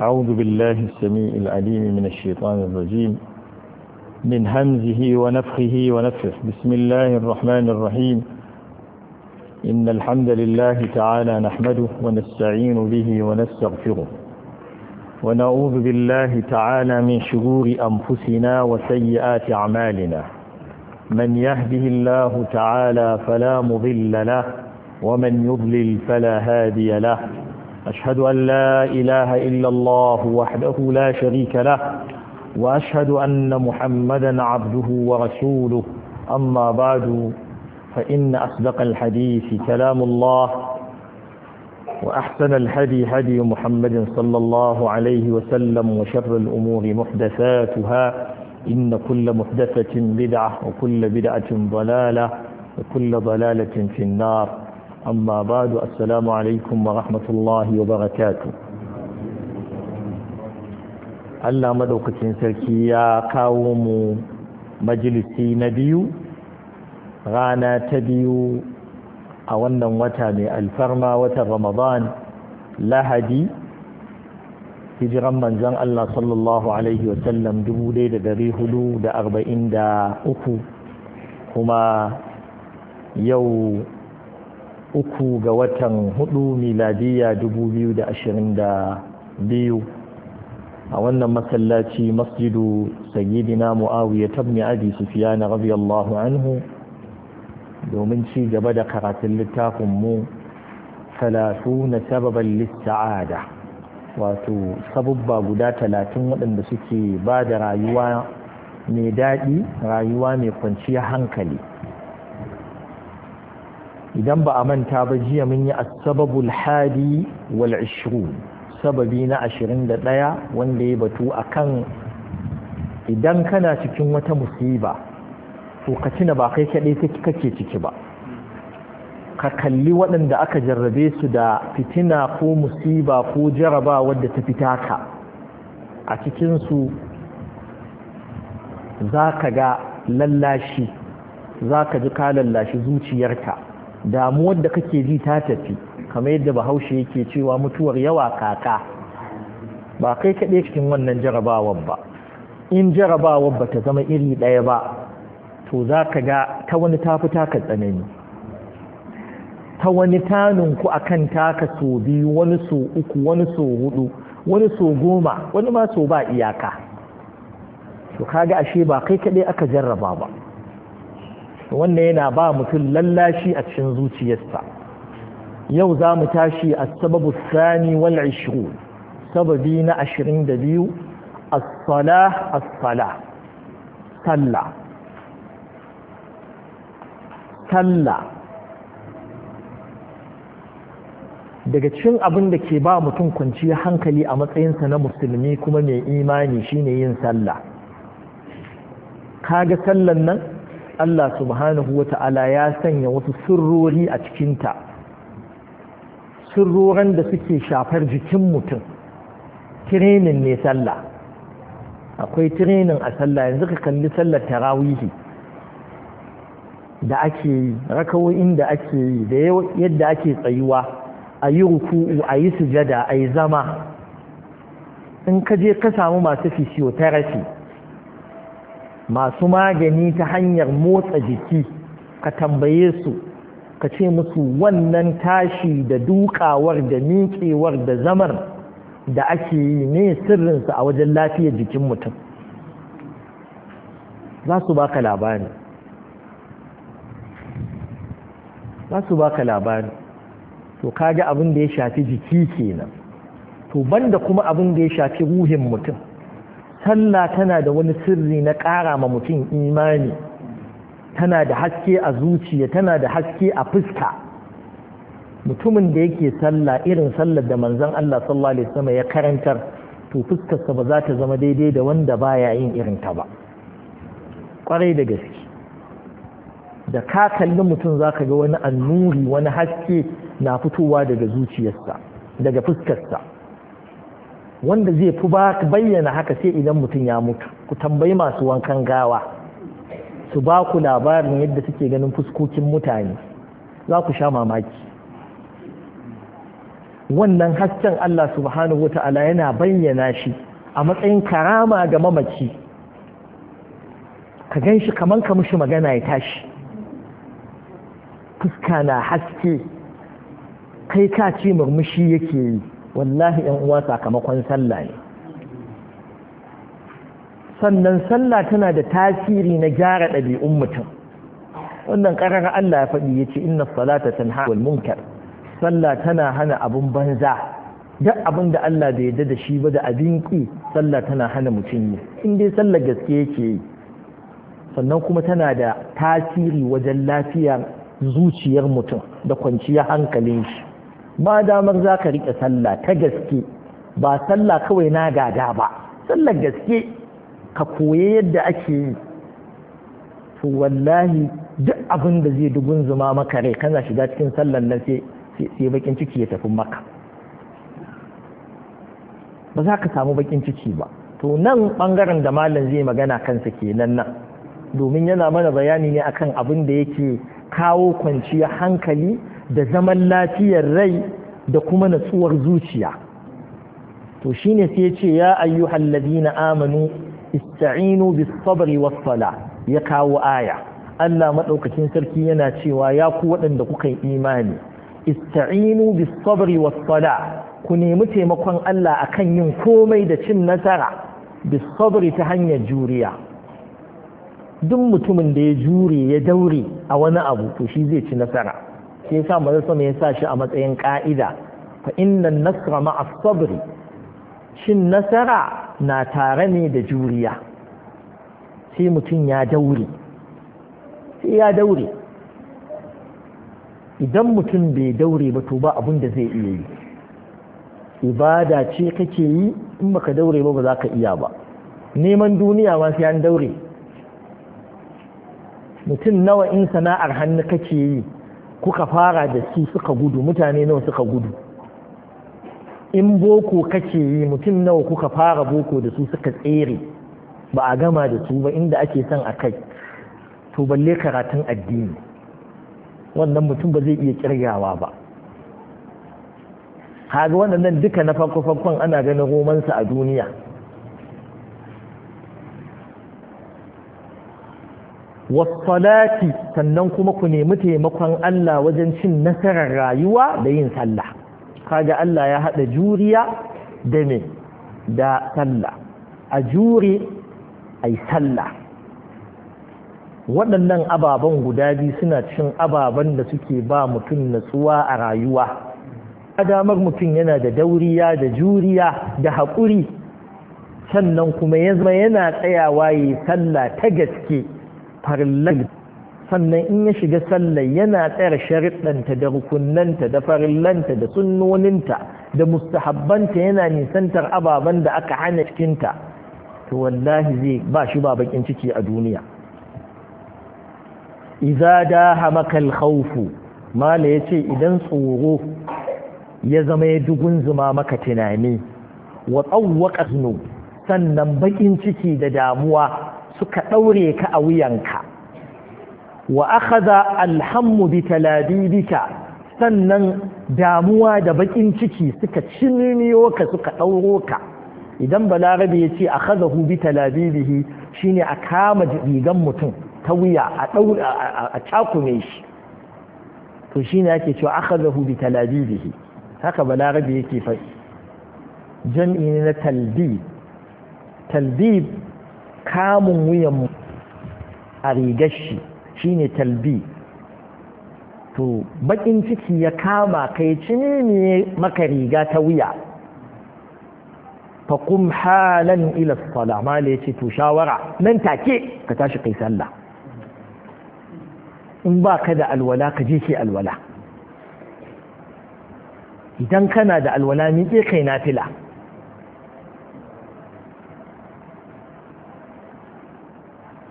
أعوذ بالله السميع العليم من الشيطان الرجيم من همزه ونفخه ونفخه بسم الله الرحمن الرحيم إن الحمد لله تعالى نحمده ونستعين به ونستغفره ونعوذ بالله تعالى من شرور أنفسنا وسيئات أعمالنا من يهده الله تعالى فلا مضل له ومن يضلل فلا هادي له أشهد أن لا إله إلا الله وحده لا شريك له وأشهد أن محمدا عبده ورسوله أما بعد فإن أصدق الحديث كلام الله وأحسن الهدي هدي محمد صلى الله عليه وسلم وشر الأمور محدثاتها إن كل محدثة بدعة وكل بدعة ضلالة وكل ضلالة في النار أما assalamu alaikum wa ورحمة wa barakatu. Allah maɗaukacin sarki ya kawo mu majalisi na biyu rana ta biyu a wannan wata mai alfarma watan Ramadan Lahadi hijiran manzon Allah sallallahu alaihi wasallam 1443 kuma yau uku ga watan hudu miladiya dubu biyu da ashirin da biyu a wannan masallaci masjidu sayyidina mu'awiya tabni abi sufyan radiyallahu anhu domin ci gaba da karatun littafin mu na sababan lissa'ada wato sabubba guda talatin waɗanda suke ba da rayuwa mai daɗi rayuwa mai kwanciyar hankali idan ba a manta ba jiya mun yi asbabul hadi wal 20 sababi na 21 wanda ya batu akan idan kana cikin wata musiba to ka tuna ba kai kadai kake ciki ba ka kalli waɗanda aka jarrabe su da fitina ko musiba ko jaraba wadda ta fita ka a cikinsu za ka ga lallashi za ka ji ka lallashi zuciyarka damuwar da kake ji ta tafi kamar yadda bahaushe yake cewa mutuwar yawa kaka ba kai kaɗai cikin wannan jarabawar ba in jarabawar ba ta zama iri ɗaya ba to za ka ga ta wani tafi taka tsanani ta wani taninku a kan taka so biyu wani so uku wani so hudu wani so goma wani ma so ba iyaka to kaga ashe ba kai kaɗai aka jarraba ba wannan yana ba mutum lallashi a cikin zuciyarsa yau za mu tashi a sababu sani wal ashiru sababi na ashirin da biyu as-sala sallah daga cikin abin da ke ba mutum kwanciyar hankali a matsayinsa na musulmi kuma mai imani shine yin sallah ga sallan nan Allah subhanahu wa ta'ala ya sanya wasu sirrori a cikinta sirroran da suke shafar jikin mutum tirenin ne sallah akwai tirenin a sallah yanzu ka kalli sallar tarawihi da ake yi rakawoyin da ake yi da yadda ake tsayuwa a yi ruku'u a yi sujada a yi zama in ka je ka samu masu fisiyotarasi masu magani ta hanyar motsa jiki ka tambaye su ka ce musu wannan tashi da dukawar da miƙewar da zamar da ake yi ne sirrinsa a wajen lafiyar jikin mutum za su baka labari za su baka labari to kaga abin da ya shafi jiki kenan to banda kuma abin da ya shafi ruhin mutum sallah tana da wani sirri na ƙara ma mutum imani tana da haske a zuciya tana da haske a fuska mutumin da yake sallah irin sallar da manzon Allah sallallahu alaihi wasallam ya karantar to fuskarsa ba za ta zama daidai da wanda baya yin irin ta ba kwarai da gaske da ka kalli mutum za ka ga wani annuri wani haske na fitowa daga zuciyarsa daga fuskarsa wanda zai fi bayyana haka sai idan mutum ya mutu ku tambayi masu wankan gawa su ba ku labarin yadda suke ganin fuskokin mutane za ku sha mamaki wannan hasken Allah subhanahu wa ta'ala yana bayyana shi a matsayin karama ga mamaci ka gan shi kaman ka mushi magana ya tashi fuska na haske kai ka ce murmushi yake yi wallahi ‘yan uwa sakamakon sallah ne sannan sallah tana da tasiri na gyara ɗabi'un mutum wannan ƙarar Allah ya faɗi ya ce inna salata tanha wal munkar sallah tana hana abun banza duk abin da Allah bai yarda da shi ba da abin ki sallah tana hana mutum ne in dai sallah gaske yake yi sannan kuma tana da tasiri wajen lafiyar zuciyar mutum da kwanciyar hankalin shi ma damar za ka riƙe sallah ta gaske ba sallah kawai na gada ba sallar gaske ka koye yadda ake yi to wallahi duk abin da zai dugun zuma maka rai kana shiga cikin sallar nan sai bakin ciki ya tafi maka ba za ka samu bakin ciki ba to nan bangaren da malam zai magana kansa kenan nan domin yana mana bayani ne akan abin da yake kawo kwanciyar hankali da zaman lafiyar rai da kuma natsuwar zuciya to shine sai ya ce ya ayyuhal ladina amanu ista'inu bis sabri was sala ya kawo aya Allah madaukakin sarki yana cewa ya ku waɗanda kuka yi imani ista'inu bis sabri was sala ku nemi taimakon Allah akan yin komai da cin nasara bis sabri ta hanyar juriya duk mutumin da ya jure ya daure a wani abu to shi zai ci nasara shi yasa maza sama ya sa shi a matsayin ka'ida fa inna nasra ma'a sabri shin nasara na tare ne da juriya sai mutum ya daure sai ya daure idan mutum bai daure ba to ba abin da zai iya yi ibada ce kake yi in baka daure ba ba za ka iya ba neman duniya ma sai an daure mutum nawa in sana'ar hannu kake yi kuka fara da su suka gudu mutane nawa suka gudu in boko kake yi mutum nawa kuka fara boko da su suka tsere ba a gama da su ba inda ake son a kai to balle karatun addini wannan mutum ba zai iya kiryawa ba kaga waɗannan duka na farko-farkon ana ganin romansa a duniya wasalati sannan kuma ku nemi taimakon Allah wajen cin nasarar rayuwa da yin sallah kaga Allah ya haɗa juriya da me da sallah a jure ai sallah waɗannan ababen guda biyu suna cin ababen da suke ba mutum natsuwa a rayuwa a damar mutum yana da dauriya da juriya da haƙuri sannan kuma yana tsayawa yi sallah ta gaske farillan sannan in ya shiga sallar yana tsayar shari'anta da rukunnanta da farillanta da sunnoninta da mustahabbanta yana nisantar ababen da aka hana cikinta to wallahi zai ba shi ba bakin ciki a duniya iza da hamakal khawfu mala ya ce idan tsoro ya zama ya dugun zuma maka tunani wa tsawwaka sannan bakin ciki da damuwa suka ɗaure ka a wuyanka wa akhadha alhammu bi talabibika sannan damuwa da bakin ciki suka cinniyo ka suka ɗauro ka idan balarabe ya ce akhadahu bi talabibihi ne a kama rigan mutum ta wuya a ɗaure a cakume shi to ne ake cewa akhadahu bi talabibihi haka balarabe yake faɗi jam'i ne na talbib talbib kamun mu a rigar shi ne talbi to bakin ciki ya kama kai cini ne maka riga ta wuya faƙum halan ila sala mala ya ce to shawara nan take ka tashi kai sallah in ba ka da alwala ka je ki alwala idan kana da alwala miƙe kai na fila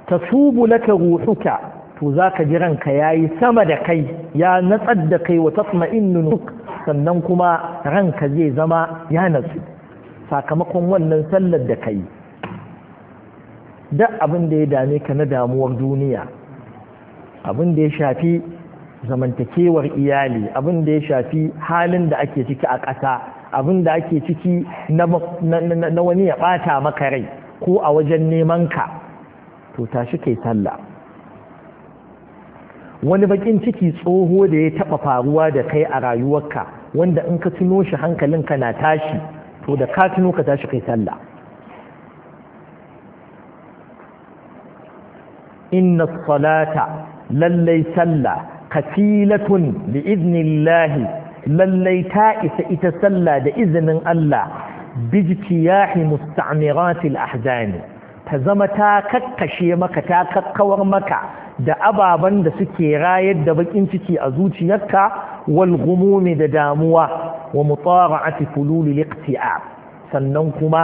tasubu laka ruhuka to zaka ji ranka yayi sama da kai ya natsar da kai wa tatma'innu nuk sannan kuma ranka zai zama ya natsu sakamakon wannan sallar da kai duk abin da ya dame ka na damuwar duniya abin da ya shafi zamantakewar iyali abin da ya shafi halin da ake ciki a ƙasa abin da ake ciki na wani ya ɓata maka rai ko a wajen neman ka to tashi kai sallah wani bakin ciki tsoho da ya taba faruwa da kai a rayuwarka wanda in ka tuno shi hankalinka na tashi to da ka tuno ka tashi kai sallah inna salata lallai sallah kafilatun bi iznillahi lallai ta isa ita sallah da izinin Allah bijtiyahi musta'miratil ahzani ta zama ta kakkashe maka ta kakkawar maka da ababen da suke rayar da bakin ciki a zuciyarka wal gumumi da damuwa wa mutara'ati fulul liqti'ab sannan kuma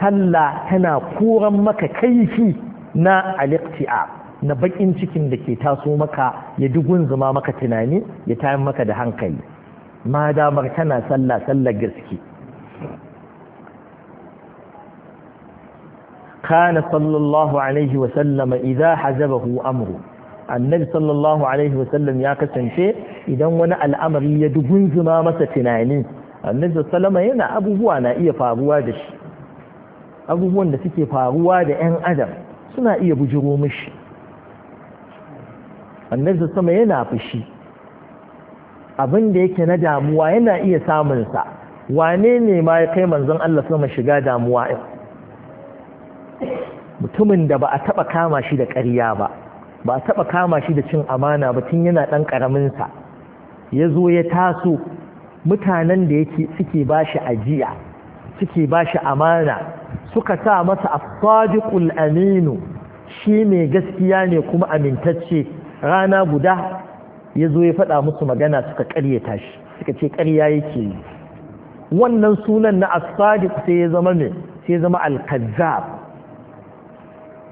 sallah tana koran maka kaifi na aliqti'ab na bakin cikin da ke taso maka ya dugun zuma maka tunani ya tayin maka da hankali ma damar tana sallah sallar gaske kana sallallahu alaihi wasallama idza hajabahu amru annabi sallallahu alaihi wasallam ya kasance idan wani al'amari ya dugunzuma masa tunani annabi sallama yana abubuwa na iya faruwa da shi abubuwan da suke faruwa da 'yan adam suna iya bujiro mishi annabi sallama yana fushi abin da yake na damuwa yana iya samunsa wane ne ma ya kai manzon Allah sama shiga damuwa mutumin da ba a taɓa kama shi da ƙarya ba ba a taɓa kama shi da cin amana ba tun yana ɗan ƙaraminsa ya zo ya taso mutanen da yake suke ba shi ajiya suke ba shi amana suka sa masa asadiqul aminu shi mai gaskiya ne kuma amintacce rana guda ya zo ya faɗa musu magana suka ƙaryata shi suka ce ƙarya yake yi wannan sunan na asadiq sai ya zama ne sai ya zama alkazzab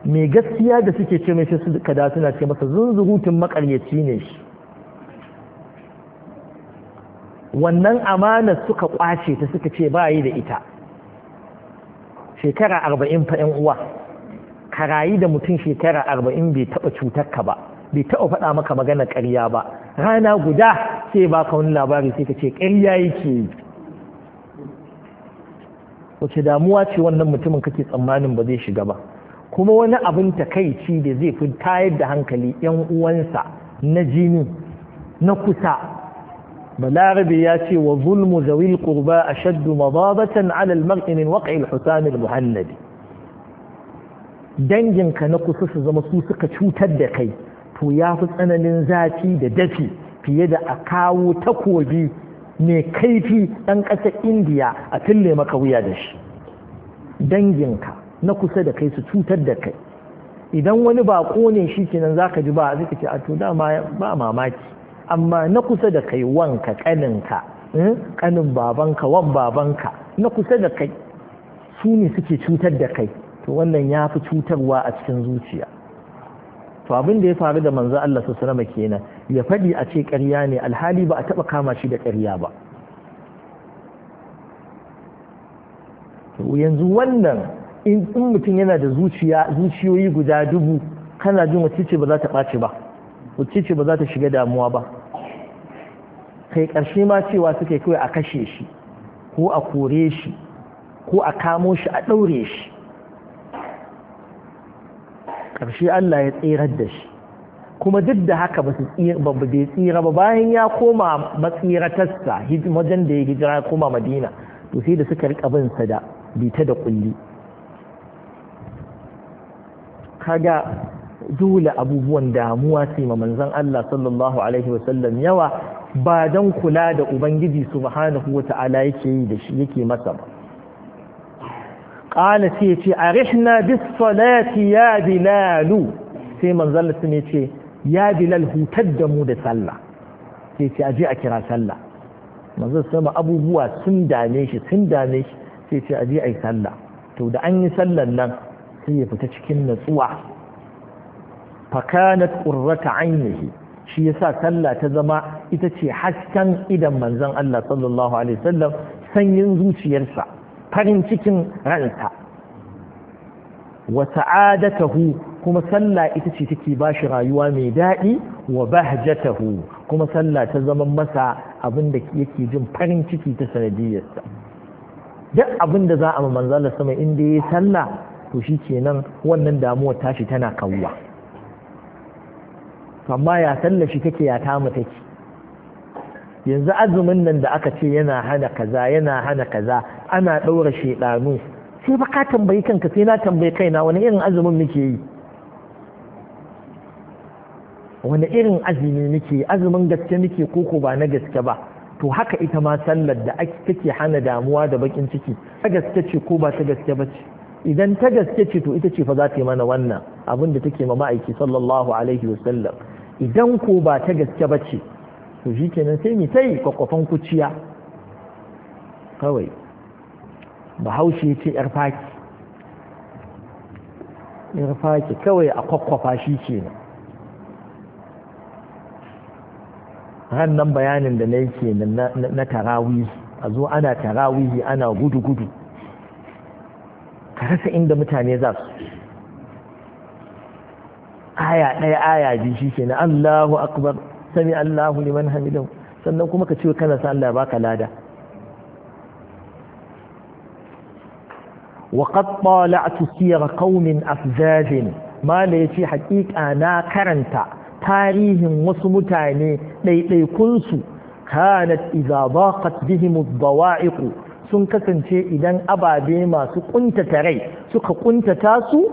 mai gaskiya da suke ce mai sai kada suna ce masa zunzurutun makaryaci ne shi wannan amanar suka kwace ta suka ce ba da ita shekara arba'in fa yan uwa ka rayu da mutum shekara arba'in bai taɓa cutar ka ba bai taɓa faɗa maka magana karya ba rana guda sai ba ka wani labari sai ka ce ƙarya yake yi wace damuwa ce wannan mutumin kake tsammanin ba zai shiga ba kuma wani abin takaici da zai fi tayar da hankali yan uwansa na jini na kusa balarabe ya ce wa zulmu zawil qurba ashaddu madabatan ala al-mar'i min waqi al al-muhannadi danginka na kusa su zama su suka cutar da kai to ya fi tsananin zafi da dafi fiye da a kawo takobi mai kaifi ɗan ƙasar indiya a fille maka wuya da shi danginka na kusa da kai su cutar da kai idan wani baƙo ne shi kenan za ka ji ba zai ce a to ba mamaki amma na kusa da kai wanka ƙaninka eh, ƙanin babanka wan babanka na kusa da kai su ne suke cutar da kai to wannan ya fi cutarwa a cikin zuciya to abin da ya faru da manzo Allah su sanama kenan ya faɗi a ce ƙarya ne alhali ba a taba kama shi da ƙarya ba yanzu wannan in mutum yana da zuciya zuciyoyi guda dubu kana jin wacce ce ba za ta ɓace ba wacce ce ba za ta shiga damuwa ba kai ƙarshe ma cewa suke kawai a kashe shi ko a kore shi ko a kamo shi a ɗaure shi ƙarshe Allah ya tserar da shi kuma duk da haka ba bai tsira ba bayan ya koma matsiratarsa wajen da ya hijira ya koma madina to sai da suka rika bin sa da bita da kulli kaga dole abubuwan damuwa sai ma manzon Allah sallallahu alaihi wasallam yawa ba dan kula da ubangiji subhanahu wata'ala yake yi da shi yake masa ba qala sai yace arihna bis salati ya bilal sai manzon Allah sai yace ya bilal hutar da mu da sallah sai ce aje a kira sallah manzon ma abubuwa sun dame shi sun dame shi sai ce aje a yi sallah to da an yi sallan nan sai ya fita cikin natsuwa fakanat qurrata ainihi shi yasa sallah ta zama ita ce hasken idan manzon Allah sallallahu alaihi wasallam sanyin zuciyarsa farin cikin ransa wa sa'adatahu kuma sallah ita ce take bashi rayuwa mai daɗi wa bahjatahu kuma sallah ta zama masa abin da yake jin farin ciki ta sanadiyarsa duk abin da za a manzala sama inda ya sallah to shi kenan wannan damuwar tashi tana kawuwa amma ya tallashi take ya tamu ke. yanzu azumin nan da aka ce yana hana kaza yana hana kaza ana ɗaura shedanu sai ba ka tambayi kanka sai na tambayi kaina wani irin azumin muke yi wani irin azumi muke azumin gaske muke koko ba na gaske ba to haka ita ma sallar da ake hana damuwa da bakin ciki ta gaske ce ko ba ta gaske ba ce idan ta gaske ce to ita ce fa za ta yi mana wannan abin da take ma ma'aiki sallallahu alaihi wasallam idan ko ba ta gaske ba ce to shi kenan sai mu sai kwakwafan kuciya kawai bahaushe ce yar faki yar faki kawai a kwakwafa shi kenan ran nan bayanin da na yi ke na tarawihi a zo ana tarawihi ana gudu-gudu ka rasa inda mutane za su aya ɗaya aya biyu shi ke na Allahu akbar sami Allahu liman hamidu sannan kuma ka ce kana Allah baka lada wa qad tala'tu siyar qaumin afzazin mala haƙiƙa na karanta tarihin wasu mutane ɗaiɗaikunsu kanat iza daqat bihim ad sun kasance idan ababe masu kuntata rai suka kuntata su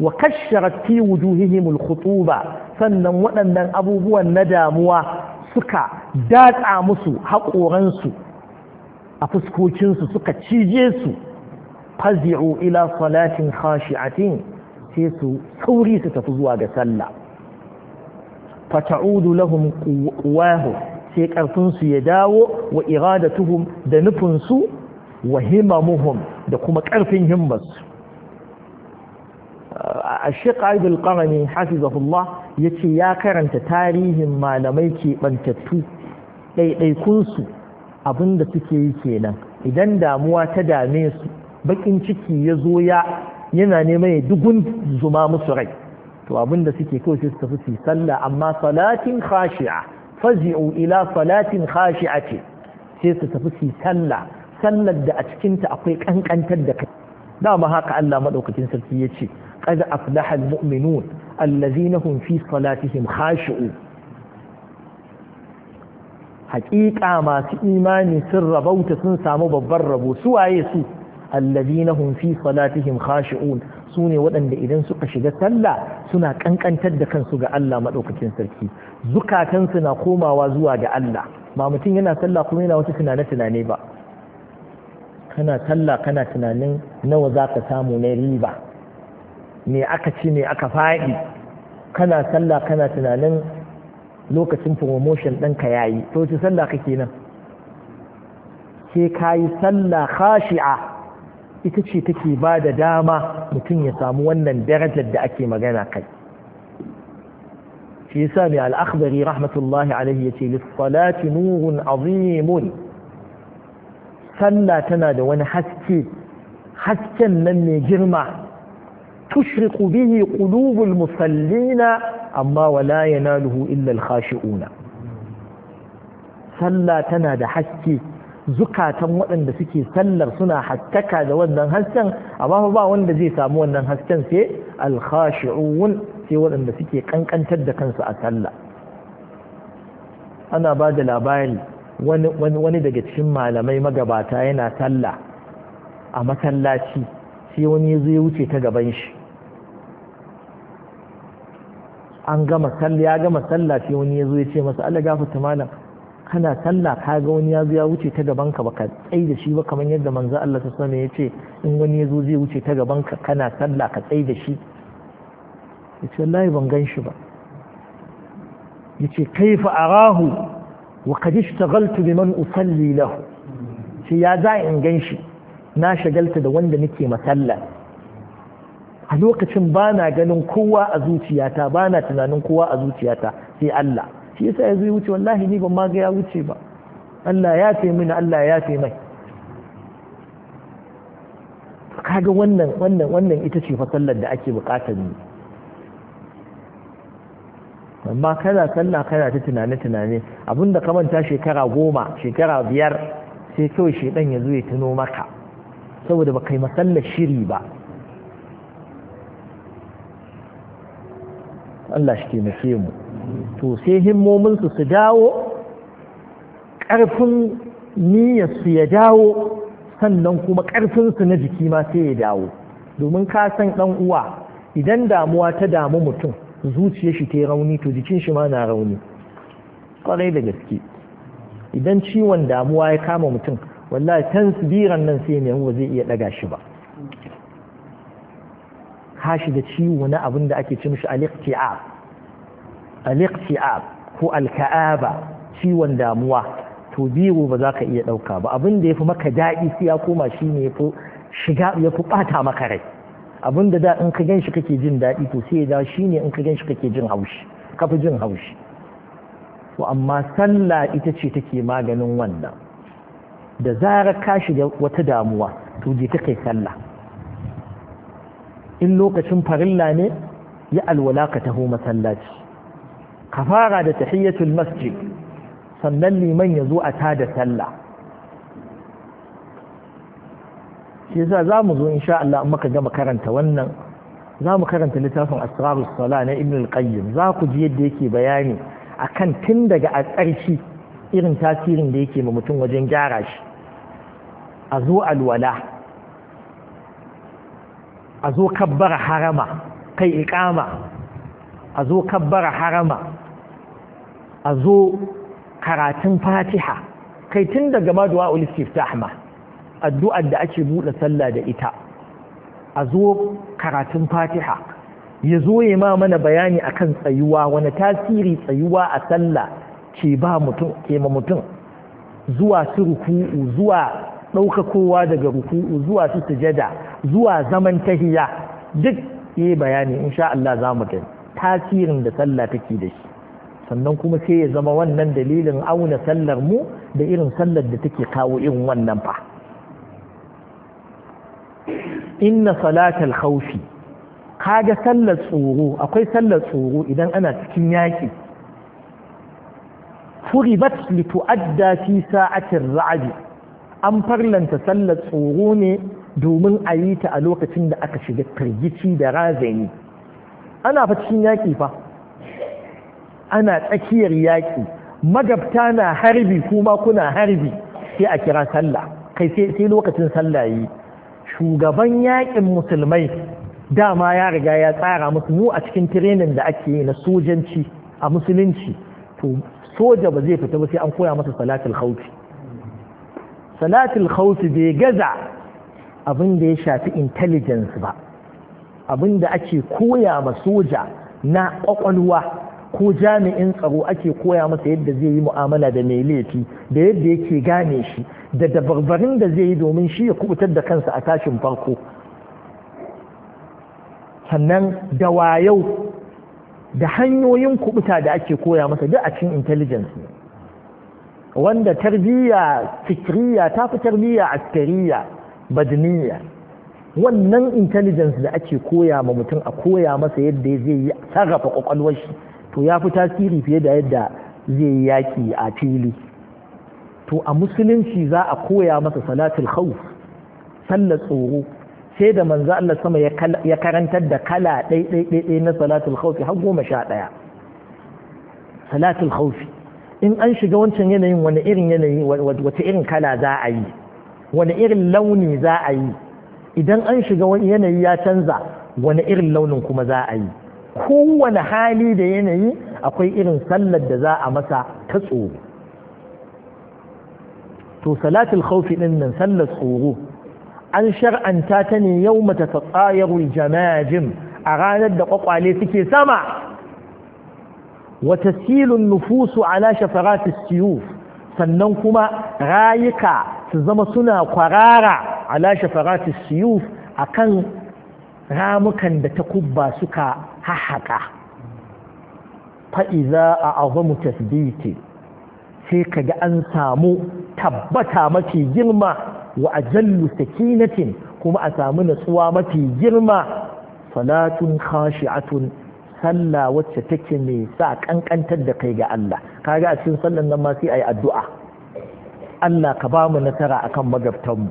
wa kasharat fi wujuhihimul khutuba sannan waɗannan abubuwan na damuwa suka datsa musu haƙoransu a fuskokinsu suka cije su fazi'u ila salatin khashi'atin sai su sauri su tafi zuwa ga sallah fata'udu lahum quwwahu sai ƙarfinsu ya dawo wa iradatuhum da nufinsu wa himamuhum da kuma ƙarfin himmarsu a shiƙa idul ƙarami hafizahullah ya ce ya karanta tarihin malamai keɓantattu ɗaiɗaikunsu abinda suke yi kenan idan damuwa ta dame su baƙin ciki ya zo ya yana neman ya dugun zuma musu rai to abinda suke kawai sai su tafi su sallah amma salatin khashi'a fazi'u ila salatin khashi'a ce sai su tafi su sallah sallar da a cikinta akwai kankantar da kai dama haka Allah madaukakin sarki ya ce qad aflaha almu'minun allazina hum fi salatihim khashi'un haƙiƙa masu imani sun rabauta sun samu babban rabo su waye su allazina hum fi salatihim Su ne waɗanda idan suka shiga sallah suna kankantar da kansu ga Allah madaukakin sarki zukatansu na komawa zuwa ga Allah ba mutum yana sallah kuma yana wata tunane tunane ba kana talla kana tunanin nawa za ka samu na riba me aka ci me aka faɗi kana talla kana tunanin lokacin promotion ɗinka ya yi to ci sallah kake nan ke ka sallah khashi'a ita ce take ba da dama mutum ya samu wannan darajar da ake magana kai shi yasa mai al-akhbari rahmatullahi alaihi yace lis-salati nurun azimun sallah tana da wani haske hasken nan mai girma tushriqu bihi qulubul musallina amma wala yanaluhu illa al-khashi'una sallah tana da haske zukatan waɗanda suke sallar suna hattaka da wannan hasken amma ba wanda zai samu wannan hasken sai al-khashi'un sai waɗanda suke kankantar da kansu a sallah ana ba da labari wani daga cikin malamai magabata yana sallah a masallaci sai wani ya zai wuce ta gaban shi an gama talla ya gama sallah sai wani ya zo ya ce masa Allah gafarta malam kana sallah ka ga wani ya zo ya wuce ta gaban ka baka tsai da shi ba kamar yadda manzo Allah ta sani ya ce in wani ya zo zai wuce ta gaban ka kana sallah ka tsai da shi ya ce wallahi ban gan shi ba ya ce kaifa rahu. wa qad ishtagaltu biman usalli lahu shi ya za in gan shi na shagalta da wanda nake masalla a lokacin ba ganin kowa a zuciyata ba na tunanin kowa a zuciyata sai Allah shi yasa ya zo wuce wallahi ni ban ma ga wuce ba Allah ya ce Allah ya ce mai kaga wannan wannan wannan ita ce fasallar da ake bukatar ni amma kana sallah kana ta tunane tunane abinda ka manta shekara goma shekara biyar sai kawai shedan ya zo ya tuno maka saboda ba kai masallar shiri ba Allah shi taimake mu to sai himmominsu su dawo ƙarfin su ya dawo sannan kuma ƙarfinsu na jiki ma sai ya dawo domin ka san ɗan uwa idan damuwa ta damu mutum zuciyar shi ta yi rauni to jikin shi ma na rauni kwarai da gaske idan ciwon damuwa ya kama mutum wallahi biran nan sai ne ba zai iya daga shi ba kashi da ciwo na abin da ake ce mishi al ko alka'aba ciwon damuwa to biro ba za ka iya ɗauka ba abin da fi maka daɗi sai ya koma shine yafi shiga yafi ɓata maka rai abin da da in ka gan shi kake jin daɗi to sai da shi ne in ka gan shi kake jin haushi ka jin haushi to amma sallah ita ce take maganin wannan da zarar ka shiga wata damuwa to je ta kai sallah in lokacin farilla ne ya alwala ka taho masallaci ka fara da tahiyatul masjid sannan liman ya zo a tada sallah shi yasa za mu zo insha Allah in muka gama karanta wannan za mu karanta littafin asrarus sala na ibn al-qayyim za ku ji yadda yake bayani akan tun daga a ƙarshi irin tasirin da yake ma mutum wajen gyara shi a zo alwala a zo kabbara harama kai iqama a zo kabbara harama a zo karatun fatiha kai tun daga maduwa ulistif ta addu'ar da ake buɗe sallah da ita a zo karatun fatiha ya zo ya ma mana bayani akan tsayuwa wani tasiri tsayuwa a sallah ke ba mutum ke ma mutum zuwa su ruku'u zuwa ɗaukakowa daga ruku'u zuwa su sujada zuwa zaman tahiya duk yi bayani insha Allah za mu gani tasirin da sallah take da shi sannan kuma sai ya zama wannan dalilin auna sallar mu da irin sallar da take kawo irin wannan fa inna salatal khawfi kaga sallar tsoro akwai sallar tsoro idan ana cikin yaƙi furibat li tu'adda fi sa'atin ra'd an farlanta sallar tsoro ne domin a yi ta a lokacin da aka shiga firgici da razani ana fa cikin yaƙi fa ana tsakiyar yaƙi magabta na harbi kuma kuna harbi sai a kira sallah kai sai lokacin sallah yi shugaban yaƙin musulmai dama ya riga ya tsara musu mu a cikin tirenin da ake yi na sojanci a musulunci to soja ba zai fita ba sai an koya masa salatul khawfi salatul khawfi bai gaza abin da ya shafi intelligence ba abin da ake koya ma soja na kwakwalwa ko jami'in tsaro ake koya masa yadda zai yi mu'amala da mai laifi da yadda yake gane shi da dabarbarin da zai yi domin shi ya kubutar da kansa a tashin farko sannan da wayau da hanyoyin kubuta da ake koya masa duk a cikin intelligence ne wanda tarbiyya fikriya ta fi tarbiyya askariya badniya wannan intelligence da ake koya ma mutum a koya masa yadda zai yi sarrafa kwakwalwar shi to ya fi tasiri fiye da yadda zai yi yaƙi a fili to a musulunci za a koya masa salatul khawf sallar tsoro sai da manzo Allah sama ya karantar da kala ɗai na salatul khawfi har goma sha ɗaya salatul khawfi in an shiga wancan yanayin wani irin yanayi wata irin kala za a yi wani irin launi za a yi idan an shiga wani yanayi ya canza wani irin launin kuma za a yi kowane hali da yanayi akwai irin sallar da za a masa ta tsoro to salatul khawfi din nan sallar tsoro an shar'anta ta ne yau mata tsatsayarul jamajin a ranar da kwakwale suke sama wata silun nufusu ala shafaratis siyuf sannan kuma rayuka su zama suna kwarara ala shafaratis siyuf akan ramukan da ta kubba suka faɗi fa'iza a azamu tasbiti sai ka ga an samu tabbata mafi girma wa ajallu sakinatin kuma a samu natsuwa mafi girma salatun khashi'atun sallah wacce take mai sa kankantar da kai ga Allah kaga a cikin sallan nan ma sai ayi addu'a Allah ka bamu mu nasara akan magabtanmu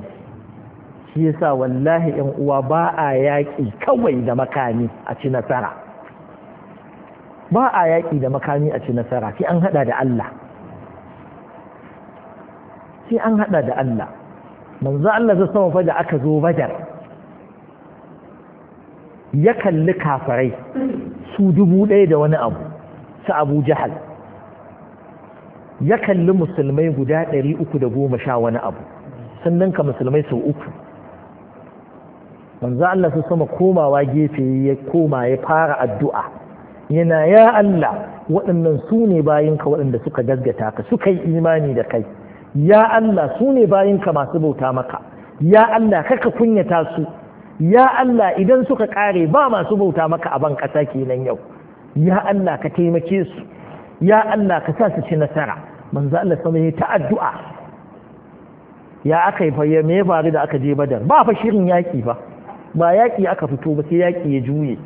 shi yasa wallahi yan uwa ba a yaƙi kawai da makami a ci nasara ba a yaƙi da makami a ci nasara sai an hada da Allah sai an hada da Allah manzo Allah zai sama fa da aka zo badar ya kalli kafirai su dubu ɗaya da wani abu su abu jahal ya kalli musulmai guda ɗari uku da goma sha wani abu sannan ka musulmai sau uku manzo Allah su sama komawa gefe ya koma ya fara addu'a yana ya Allah waɗannan su ne bayinka waɗanda suka gaggata ka suka yi imani da kai ya Allah su ne bayinka masu bauta maka ya Allah kaka kunyata su ya Allah idan suka ƙare ba masu bauta maka a ban ƙasa kenan yau ya Allah ka taimake su ya Allah ka sa su ci nasara manzo Allah sama ya ta addu'a ya aka yi fa me ya faru da aka je badar ba fa shirin yaƙi ba ba yaƙi aka fito ba sai yaƙi ya juye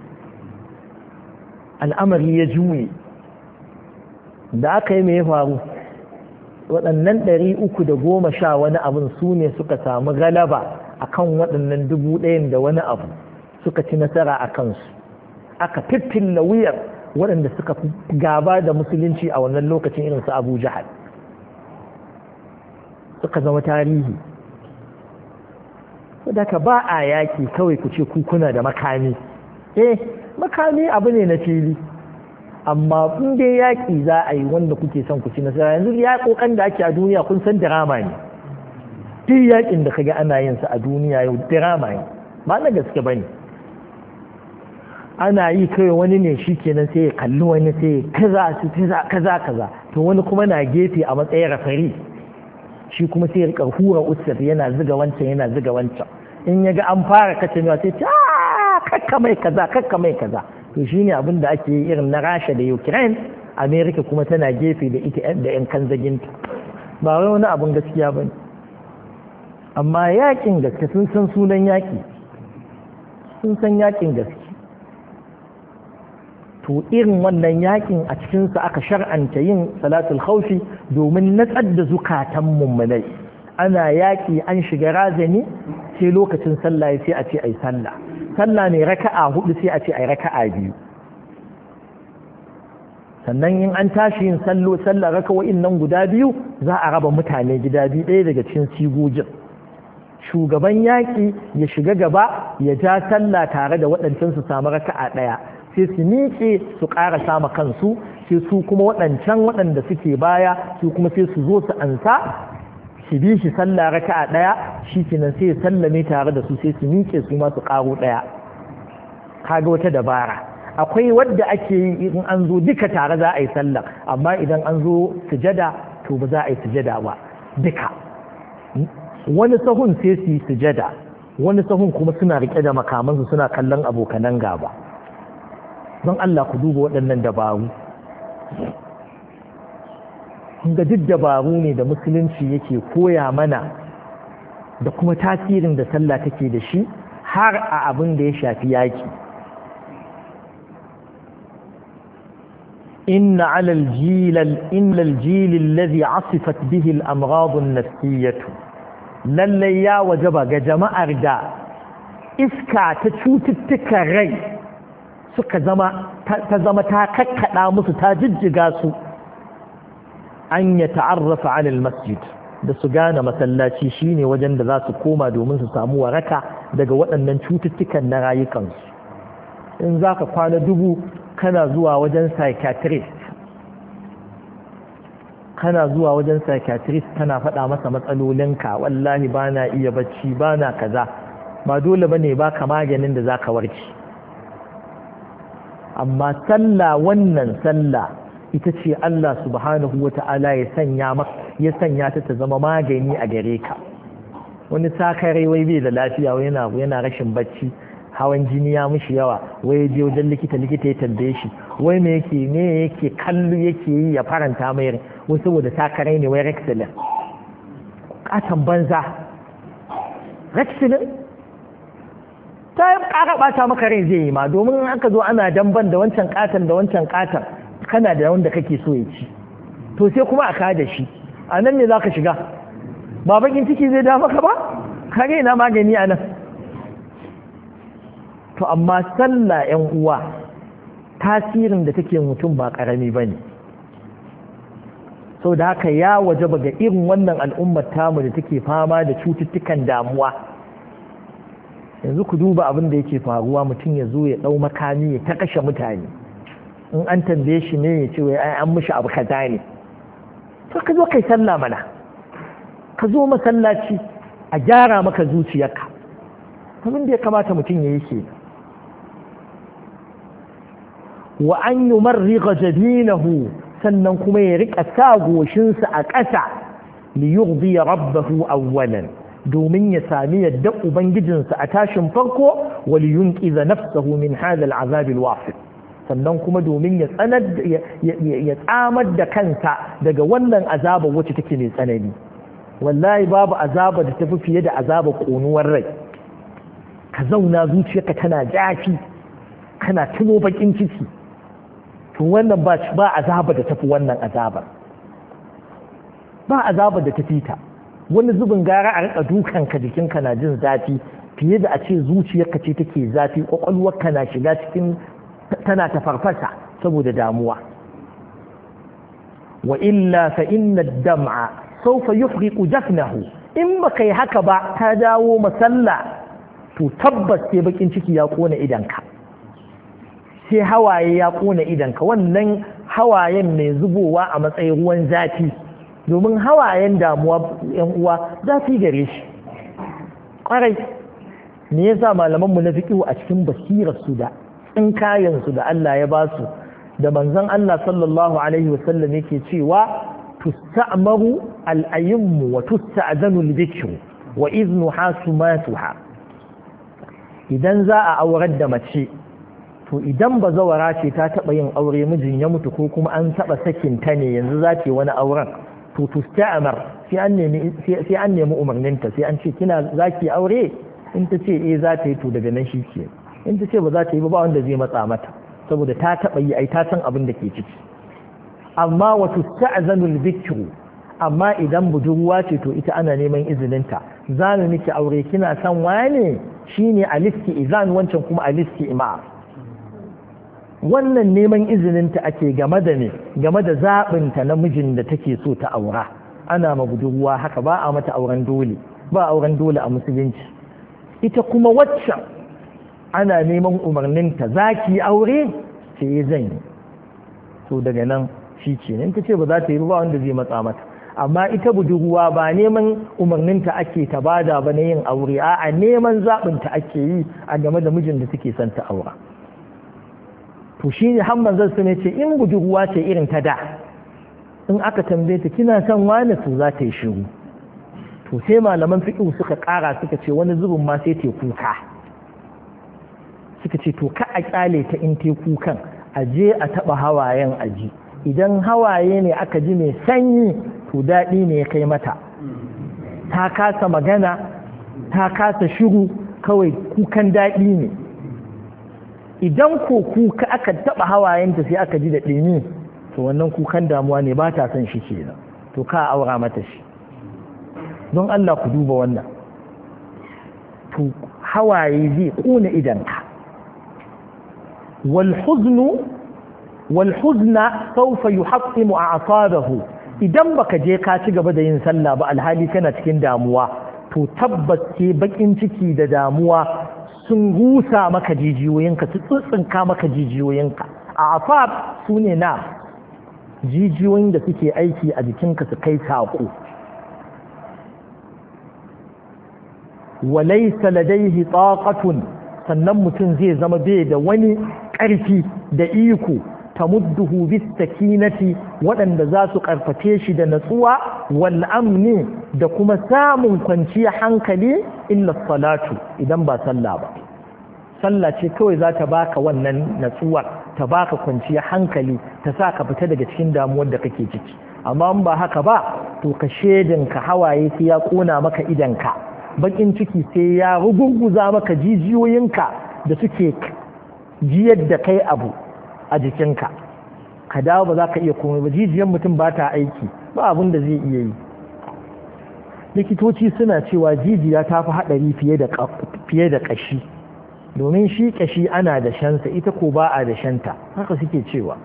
al'amari ya juye da aka yi mai faru waɗannan ɗari uku da goma sha wani abin su ne suka samu galaba a kan waɗannan dubu ɗayan da wani abu suka ci nasara a kansu aka fiffilla wuyar waɗanda suka gaba da musulunci a wannan lokacin irinsu abu jahal suka zama tarihi daga ba a yaƙi kawai ku ce kuna da makami eh makami abu ne na fili amma in dai yaƙi za a yi wanda kuke son ku ci nasara yanzu yaƙoƙan da ake a duniya kun san dirama ne duk yaƙin da kaga ana yin sa a duniya yau dirama ne ba na gaske bane ana yi kai wani ne shi kenan sai ya kalli wani sai ya kaza kaza kaza kaza to wani kuma na gefe a matsayin rafari shi kuma sai ya rika hura yana ziga wancan yana ziga wancan in ya ga an fara kacewa sai ta kakka mai kaza kakka mai kaza to shine abin da ake yi irin na rasha da ukraine america kuma tana gefe da ita da yan kanzaginta ba wai wani abin gaskiya ba ne amma yakin gaske sun san sunan yaki sun san yakin gaske to irin wannan yakin a cikinsa aka shar'anta yin salatul khawfi domin natsar da zukatan mummunai ana yaki an shiga razani sai lokacin sallah sai a ce ai sallah sallah ne raka'a hudu sai a ce ai raka'a biyu sannan in an tashi yin sallo sallah raka'o'in nan guda biyu za a raba mutane gida biyu ɗaya daga cikin sigogin shugaban yaƙi ya shiga gaba ya ja sallah tare da waɗancan su samu raka'a ɗaya sai su miƙe su ƙara sama kansu sai su kuma waɗancan waɗanda suke baya su kuma sai su zo su ansa su bi shi sallah raka'a daya shi kenan sai ya sallame tare da su sai su miƙe su masu su ƙaro daya kaga wata dabara akwai wadda ake yi in an zo duka tare za a yi sallah amma idan an zo sujada to ba za a yi sujada ba duka wani sahun sai su yi sujada wani sahun kuma suna rike da makamansu suna kallon abokanan gaba don Allah ku duba waɗannan dabaru ga duk dabaru ne da musulunci yake koya mana da kuma tasirin da sallah take da shi har a abin da ya shafi yaki Jilal, Innal الجيل إن الجيل الذي عصفت به الأمراض النفسية lallai ya wajaba ga jama'ar da iska ta cututtukan rai suka zama ta zama ta kakkaɗa musu ta jijjiga su an ya ta'arrafa anil masjid da su gane masallaci shine wajen da za su koma domin su samu waraka daga waɗannan cututtukan na rayukansu in za ka kwana dubu kana zuwa wajen psychiatrist kana zuwa wajen psychiatrist kana faɗa masa matsalolinka wallahi ba na iya bacci ba na kaza ba dole ba ne ba ka maganin da za ka warke amma sallah wannan sallah ita ce Allah subhanahu wa ta'ala ya sanya ya sanya ta ta zama magani a gare ka wani sakare wai bai da lafiya wai yana yana rashin bacci hawan jini ya mishi yawa wai je wajen likita likita ya tambaye shi wai me yake me yake kallo yake yi ya faranta mai wai saboda sakare ne wai rexilin katan banza rexilin ta ƙara ɓata maka rai zai yi ma domin aka zo ana damban da wancan katan da wancan katan kana da wanda kake so ya ci to sai kuma a da shi a nan ne za ka shiga ba bakin ciki zai da maka ba ga ina magani a nan to amma sallah yan uwa tasirin da take mutum ba karami ba ne sau da haka ya waje ga irin wannan al'ummar tamu da take fama da cututtukan damuwa yanzu ku duba abin da yake faruwa mutum ya zo ya ɗau makami ya ta kashe mutane in an tambaye shi ne ya ce wai ai an mishi abu kaza ne to ka zo kai sallah mana ka zo masallaci a gyara maka zuciyarka abin da ya kamata mutum ya yi ke wa an yi marriga jabinahu sannan kuma ya riƙa sa goshinsa a ƙasa liyurbi ya rabbahu awwalan domin ya sami yadda ubangijinsa a tashin farko waliyun ƙiza nafsahu min hadal azabil wasit sannan kuma domin ya tsanar ya tsamar da kansa daga wannan azaba wacce take mai tsanani wallahi babu azaba da tafi fiye da azaba konuwar rai ka zauna zuciyarka tana jafi kana tuno bakin ciki to wannan ba ba azaba da tafi wannan azabar ba azaba da tafi ta wani zubin gara a rika dukanka jikinka na jin zafi fiye da a ce zuciyarka ce take zafi kwakwalwarka na shiga cikin tana ta farfasa saboda damuwa wa illa fa inna dam'a sawfa yuhriqu jafnahu in baka yi haka ba ta dawo masalla to tabbas sai bakin ciki ya kona idanka sai hawaye ya kona idanka wannan hawayen mai zubowa a matsayin ruwan zafi domin hawayen damuwa yan uwa zafi gare shi kwarai me yasa malaman mu na fiqhu a cikin basirar su da kayansu da Allah ya ba su da manzon Allah sallallahu alaihi wasallam yake cewa tusta'maru al-ayyimu wa tusta'zanu al-dhikru wa idnu hasumatuha idan za a aurar da mace to idan ba zawara ce ta taɓa yin aure mijin ya mutu ko kuma an taɓa sakin ta ne yanzu za ce wani auren to tusta'mar sai an nemi sai an nemi umarninta sai an ce kina zaki aure in ta ce eh za ta yi to daga nan shi ke in ta ce ba za ta yi ba wanda zai matsa mata saboda ta taɓa yi ai ta san abin da ke ciki amma wato ta'zanul bikru amma idan budurwa ce to ita ana neman izininta Zanu mu miki aure kina san wane shine aliski izan wancan kuma aliski ima wannan neman izininta ake game da ne game da zaɓinta na mijin da take so ta aura ana ma budurwa haka ba a mata auren dole ba auren dole a musulunci ita kuma waccan ana neman umarninta za ki aure sai eh, zan yi to daga nan shi ce nan ta ce ba za ta yi ruwa wanda zai matsa mata amma ita budurwa ba neman umarninta ake ta bada ba na yin aure a neman zaɓinta ake yi a game da mijin da take son ta aura to shi ne hamman zan su ne ce in budurwa ce irin ta da in aka tambaye ta kina son wani to za ta yi shiru to sai malaman fiƙi suka ƙara suka ce wani zubin ma sai ta kuka suka ce to ka a kyale ta in te kukan a je a taɓa hawayen a ji. idan hawaye ne aka ji mai sanyi to daɗi ne ya kai mata ta kasa magana ta kasa shiru kawai kukan daɗi ne idan ko kuka aka taɓa hawayenta sai aka ji da ɗini to wannan kukan damuwa ne ba ta son shi kenan to ka aura mata shi don Allah ku duba wannan to hawaye zai ƙuna idanka والحزن والحزن سوف يحطم أعصابه idan baka je ka ci gaba da yin sallah ba alhali kana cikin damuwa to tabbas ce bakin ciki da damuwa sun gusa maka jijiyoyinka su tsintsinka maka jijiyoyinka a afab su ne na jijiyoyin da suke aiki a jikinka su kai saƙo walaisa ladaihi taqatun sannan mutum zai zama bai da wani ƙarfi da iko ta mudduhu bistakinati waɗanda za su ƙarfafe shi da natsuwa wal amni da kuma samun kwanciya hankali illa salatu idan ba sallah ba sallah ce kawai za ta baka wannan natsuwar ta baka kwanciya hankali ta sa ka fita daga cikin damuwar da kake ciki amma in ba haka ba to ka shedin ka hawaye sai ya ƙona maka idanka bakin ciki sai ya rugurguza maka jijiyoyinka da suke jiyar da kai abu a jikinka ka dawo ba za ka iya komai ba jijiyar mutum ba ta aiki ba abin da zai iya yi likitoci suna cewa jijiya ta fi haɗari fiye da ƙashi domin shi ƙashi ana da shansa ita ko ba a da shanta haka suke cewa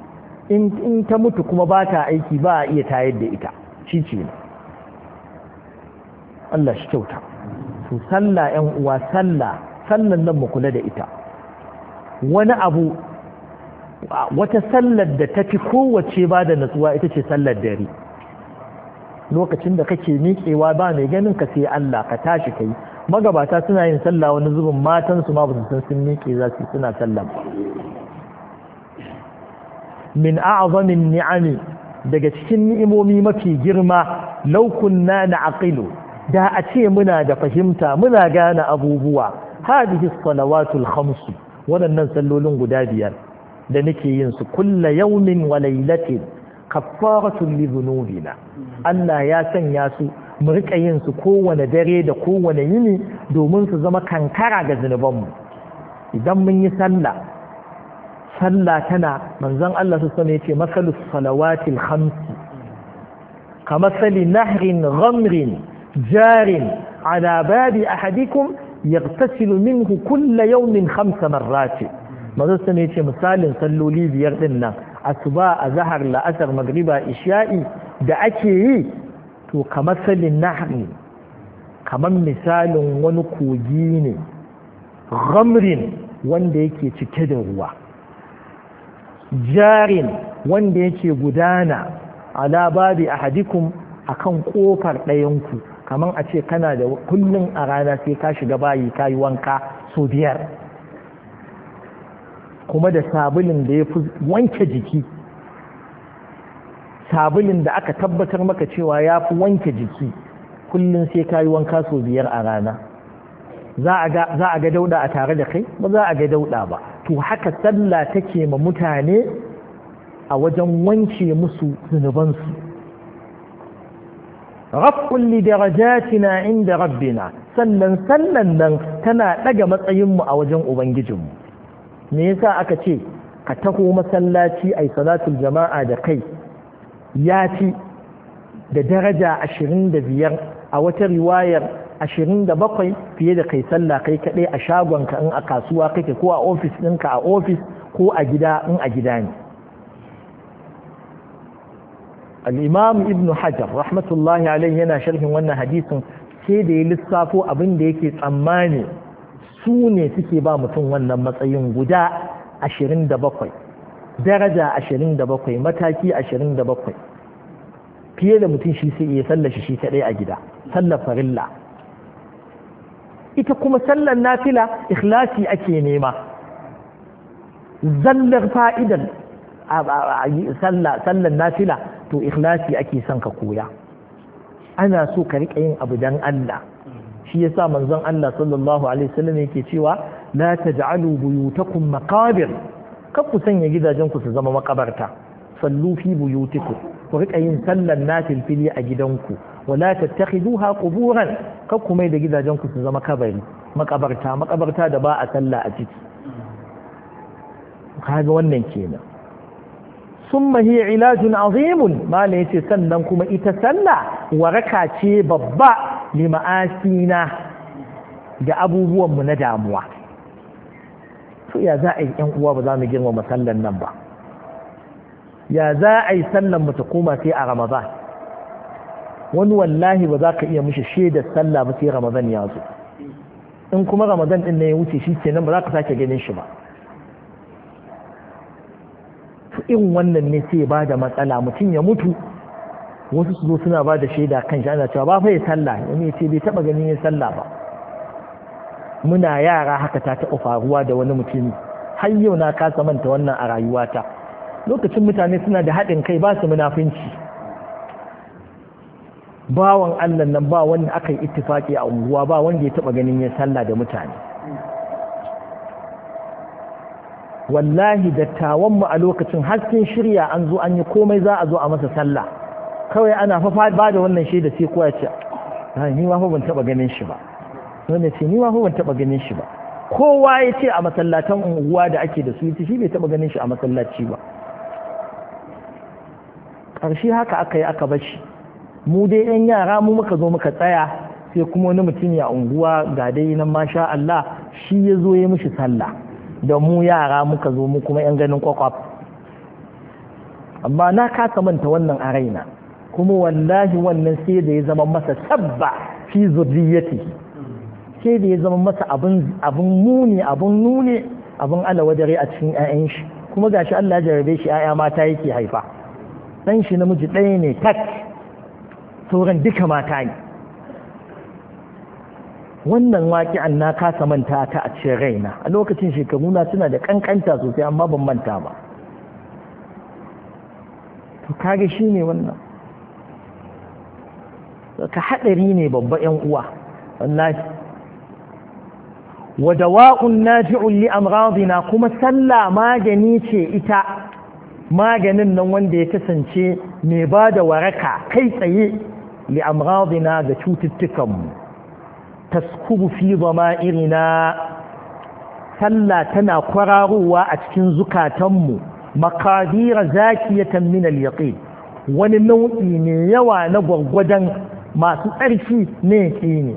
in ta mutu kuma ba ta aiki ba a iya tayar da ita shi ce Allah shi kyauta sallah yan uwa sallah sallan nan mu kula da ita wani abu wata sallar da ta fi kowace ba da natsuwa ita ce sallar dare lokacin da kake miƙewa ba mai ganin ka sai Allah ka tashi kai magabata suna yin sallah wani zubin matan su ma ba san sun miƙe za su suna sallah min a'zamin ni'ami daga cikin ni'imomi mafi girma law kunna na'qilu da a ce muna da fahimta muna gane abubuwa hadihi salawatul khamsu waɗannan sallolin guda biyar da nake yin su kulla yaumin wa lailatin kaffaratun li dhunubina Allah ya sanya su mu rika yin su kowane dare da kowane yini domin su zama kankara ga mu. idan mun yi sallah sallah tana manzon Allah su sani yace masalus salawatil khamsi kama sali nahrin ghamrin جار على باب أحدكم يغتسل منه كل يوم ce, مرات manzo sun yace misalin salloli biyar din asuba a zahar la'asar magriba isha'i da ake yi to kamar sallin nahr ne kamar misalin wani kogi ne ghamrin wanda yake cike da ruwa jarin wanda yake gudana ala babi ahadikum akan kofar ɗayanku kamar a ce kana da kullum a rana sai ka shiga bayi ka yi wanka sau biyar kuma da sabulin da ya fi wanke jiki sabulin da aka tabbatar maka cewa ya fi wanke jiki kullum sai ka yi wanka sau biyar a rana za a ga dauda a tare da kai ba za a ga dauda ba to haka sallah take ma mutane a wajen wanke musu zunubansu raf'un li darajatina inda na, sannan sannan nan tana daga matsayinmu a wajen ubangijinmu me yasa aka ce ka taho masallaci ai salatul jama'a da kai ya ci da daraja ashirin da biyar a wata riwayar ashirin da bakwai fiye da kai sallah kai kaɗai a shagonka in a kasuwa kake ko a ofis ɗinka a ofis ko a gida in a gida ne al'imam ibn hajar rahmatullahi alaihi yana sharhin wannan hadisin sai da ya lissafo abin da yake tsammani su ne suke ba mutum wannan matsayin guda 27 da daraja ashirin mataki 27 fiye da mutum shi sai iya sallashi shi kaɗai a gida sallar farilla ita kuma sallar nafila ikhlasi ake nema zallar faidan sallar nafila to ikhlasi ake son ka koya ana so ka riƙa yin abu don Allah shi ya sa manzon Allah sallallahu alaihi wasallam yake cewa la taj'alu buyutakum maqabir kar ku sanya gidajen ku su zama makabarta sallu fi buyutikum ku riƙa yin sallan nafil fili a gidanku wala tattakhiduha quburan kar ku mai da gidajen ku su zama kabari makabarta makabarta da ba a sallah a ciki kaga wannan kenan summa hiya ilajun azimun malam yace sannan kuma ita sallah waraka ce babba li na, ga abubuwan mu na damuwa to ya za a yi yan uwa ba za mu girmama sallar nan ba ya za a yi sallan mu ta koma sai a ramadan wani wallahi ba za ka iya mishi shaidar sallah ba sai ramadan ya zo in kuma ramadan din ne ya wuce shi kenan ba za ka sake ganin shi ba in wannan ne sai ba da matsala mutum ya mutu wasu su zo suna ba da shaida kan shi ana cewa ba fa ya sallah ne ce bai taba ganin ya sallah ba muna yara haka ta taɓa faruwa da wani mutum har yau na kasa manta wannan a rayuwata lokacin mutane suna da haɗin kai ba su munafunci bawan allah nan ba wani aka yi ittifaki a unguwa ba wanda ya taɓa ganin ya sallah da mutane wallahi dattawanmu a lokacin hasken shirya an zo an yi komai za a zo a masa sallah kawai ana fa ba da wannan shaida sai kowa ce ni ma ban taba ganin shi ba wanda ce ni ma fa ban taba ganin shi ba kowa ya ce a masallatan unguwa da ake da su yace shi bai taba ganin shi a masallaci ba karshe haka aka yi aka bashi mu dai yan yara mu muka zo muka tsaya sai kuma wani mutum ya unguwa ga dai nan masha Allah shi ya zo ya mishi sallah da mu yara muka zo mu kuma yan ganin kwakwaf amma na kasa manta wannan a raina kuma wallahi wannan sai da ya zama masa tabba fi zurriyati sai da ya zama masa abin abin muni abin nune abin alawadare a cikin 'ya'yan shi kuma gashi Allah jarabe shi 'ya'ya mata yake haifa dan shi namiji ɗaya ne tak sauran duka mata ne wannan waƙi'an na kasa manta ta a cikin raina a lokacin shekaruna suna da kankanta sosai amma ban manta ba to kage shi ne wannan ka haɗari ne babba ‘yan uwa wallahi wadawa'un nafi'un li amradina kuma sallah magani ce ita maganin nan wanda ya kasance mai ba da waraka kai tsaye li amradina ga cututtukanmu taskubu fi irina. sallah tana kwararowa a cikin zukatanmu makadira zakiyatan min al-yaqin wani nau'i ne yawa na gwargwadon masu tsarki ne ne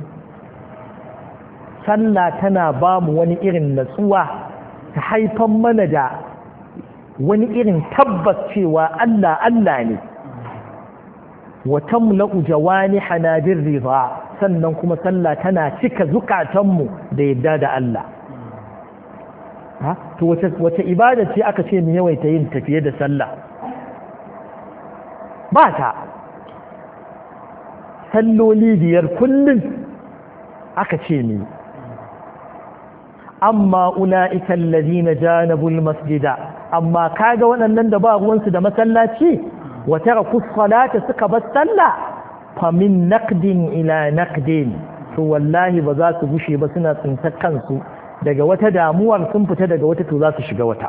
sallah tana ba mu wani irin natsuwa ta haifan mana da wani irin tabbas cewa Allah Allah ne wa tamla'u jawani hanabir riba sannan kuma sallah tana cika zukatanmu da yadda da Allah to wace ibada ce aka ce mu yawaita yin tafiye da sallah ba ta salloli biyar kullum aka ce ni. amma ula'ika allazina janabul masjida amma kaga waɗannan da ba ruwansu da masallaci wa tara salata suka bar sallah famin naqdin ila naqdin to wallahi ba za su gushe ba suna tsinta kansu daga wata damuwar sun fita daga wata to za su shiga wata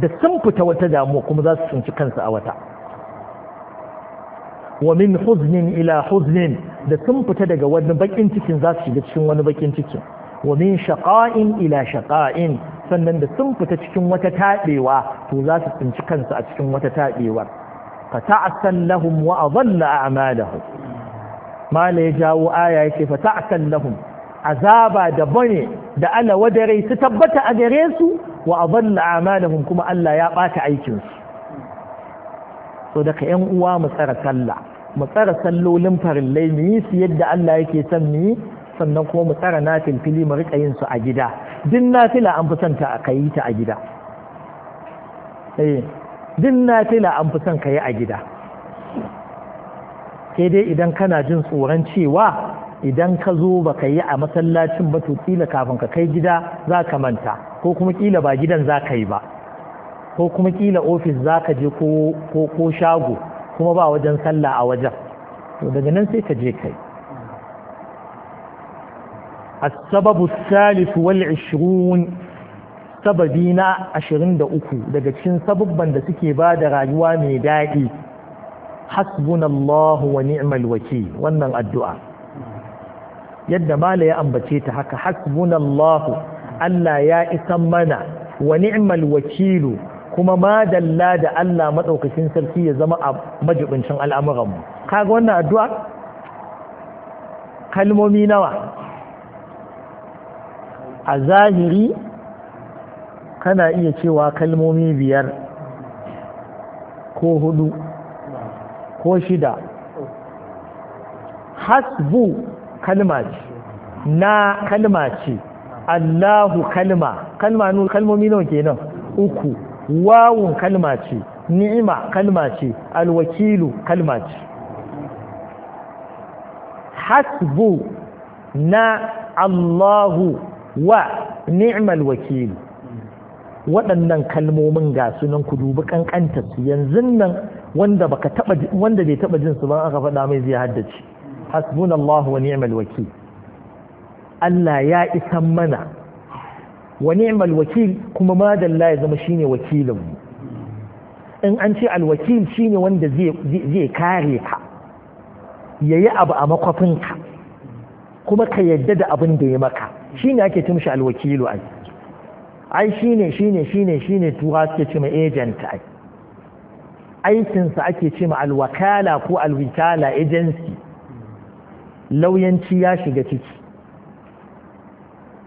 da sun fita wata damuwa kuma za su tsinci kansu a wata wa min huznin ila huznin da sun fita daga wani bakin cikin za su shiga cikin wani bakin cikin wa min shaqa'in ila shaqa'in sannan da sun fita cikin wata tabewa to za su tsinci kansu a cikin wata tabewar fata'asan lahum wa adalla a'malahum mala ya jawo aya yake fata'asan lahum azaba da bane da ala wadare su tabbata a gare su wa adalla a'malahum kuma Allah ya bata aikin su so daga yan uwa mu tsara sallah mu tsara sallolin farillai mu yi su yadda Allah yake son mu yi sannan kuma mu tsara nafil fili mu rika yin su a gida din nafila an fi son ta a kai ta a gida eh din tila an fi son ka yi a gida sai dai idan kana jin tsoron cewa idan ka zo ba ka yi a masallacin ba to kila kafin ka kai gida za ka manta ko kuma kila ba gidan za ka yi ba ko kuma kila ofis za ka je ko shago kuma ba wajen sallah a wajen to daga nan sai ka je kai السبب الثالث والعشرون sababi na 23 daga cikin sababban da suke ba da rayuwa mai daɗi hasbunallahu wa ni'mal waki, wannan addu'a yadda mala ya ambace ta haka hasbunallahu Allah ya isan mana wa ni'mal wakilu kuma ma dalla da Allah matsaukacin sarki ya zama a majibincin al'amuranmu kaga wannan addu'a kalmomi nawa a zahiri kana iya cewa kalmomi biyar ko hudu ko shida hasbu kalma ce na kalma ce allahu kalma kalma nu kalmomi nawa kenan uku wawun kalma ce ni'ima kalma ce alwakilu kalma ce hasbu na allahu wa ni'mal wakilu waɗannan kalmomin ga sunan ku dubi kankanta su yanzu nan wanda baka taba wanda bai taba jin su ba aka faɗa mai zai haddace hasbunallahu wa ni'mal wakil Allah ya isan mana wa ni'mal wakil kuma madalla ya zama shine wakilin mu in an ce alwakil shine wanda zai kare ka yayi abu a makwafinka kuma ka yadda da abin da ya maka shine ake tumshi alwakilu ai ai shine shine shi ne tuwa suke ce ma agent ai aikinsa ake ce ma alwakala ko alwikala agency lauyanci ya shiga ciki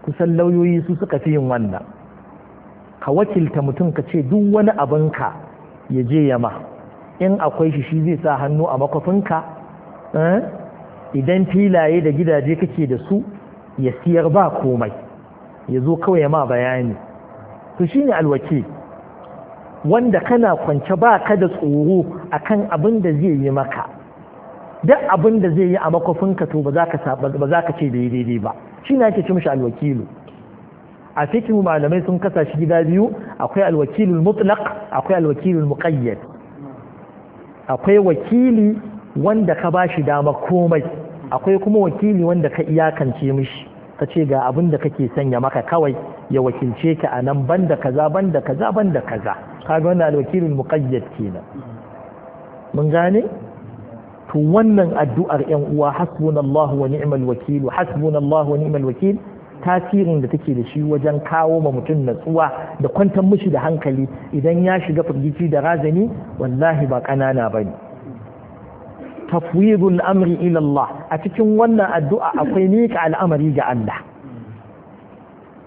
kusan lauyoyi su suka fi yin wannan ka wakilta mutum ka ce duk wani abinka ya je yama in akwai shi shi zai sa hannu a makwafinka eh? idan filaye da gidaje kake da su ya siyar ba komai ya zo kawai ma bayani to ne alwaki wanda kana kwance ba ka da tsoro akan abin da zai yi maka duk abin da zai yi a makwafinka to ba za ka ce da daidai ba shi ne ake ce alwakili. alwakilu a fikin malamai sun kasa shi gida biyu akwai alwakilul mutlaq akwai alwakilul muqayyad akwai wakili wanda ka ba shi dama komai akwai kuma wakili wanda ka iyakance mishi ka ce ga abin da kake sanya maka kawai ya wakilce ka a nan banda kaza banda kaza banda kaza kaga wannan alwakilin muqayyad kenan mun gane to wannan addu'ar yan uwa hasbunallahu wa ni'mal wakil hasbunallahu wa ni'mal wakil tasirin da take da shi wajen kawo ma mutum natsuwa da kwantar mishi da hankali idan ya shiga firgici da razani wallahi ba kanana bane. ne tafwidul amri ila Allah a cikin wannan addu'a akwai miƙa al'amari ga Allah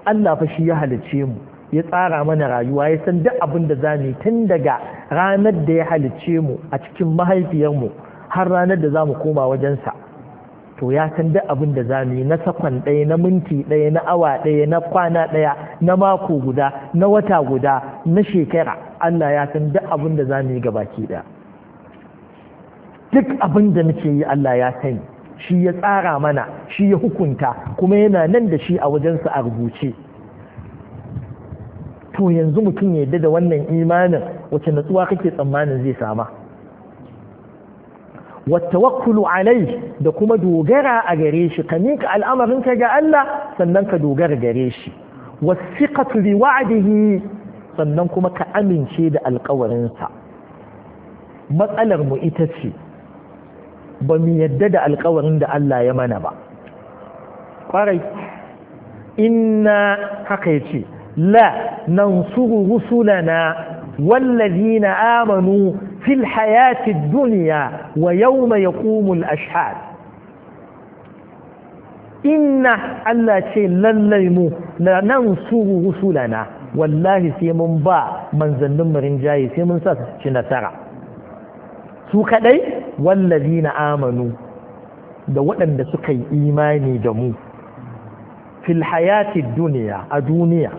Allah fa shi ya halicce mu ya tsara mana rayuwa ya san duk abin da za tun daga ranar da ya halicce mu a cikin mahaifiyar mu har ranar da zamu mu koma sa. to ya san duk abin da za na sakon ɗaya na minti ɗaya na awa ɗaya na kwana ɗaya na mako guda na wata guda na shekara Allah ya san duk abin da za yi gabaki ɗaya duk abin da muke yi Allah ya sani shi ya tsara mana shi ya hukunta kuma yana nan da shi a wajensa a rubuce to yanzu mutum ya yadda da wannan imanin wacce natsuwa kake tsammanin zai sama wakulu alai da kuma dogara a gare shi ka al'amarin ka ga Allah sannan ka dogara gare shi wasiqatu bi sannan kuma ka amince da alkawarinsa matsalar mu ita ce ba mu yadda da alkawarin da Allah ya mana ba kwarai ina haka yace la nansuru rusulana wallazina amanu fil hayati duniya, wa yawma yaqumul ashhad inna Allah ce lallai mu la nansuru rusulana wallahi sai mun ba manzannin mu rinjaye sai mun sa su ci nasara su kadai wallazi na amanu da waɗanda suka yi imani da mu fil duniya a duniya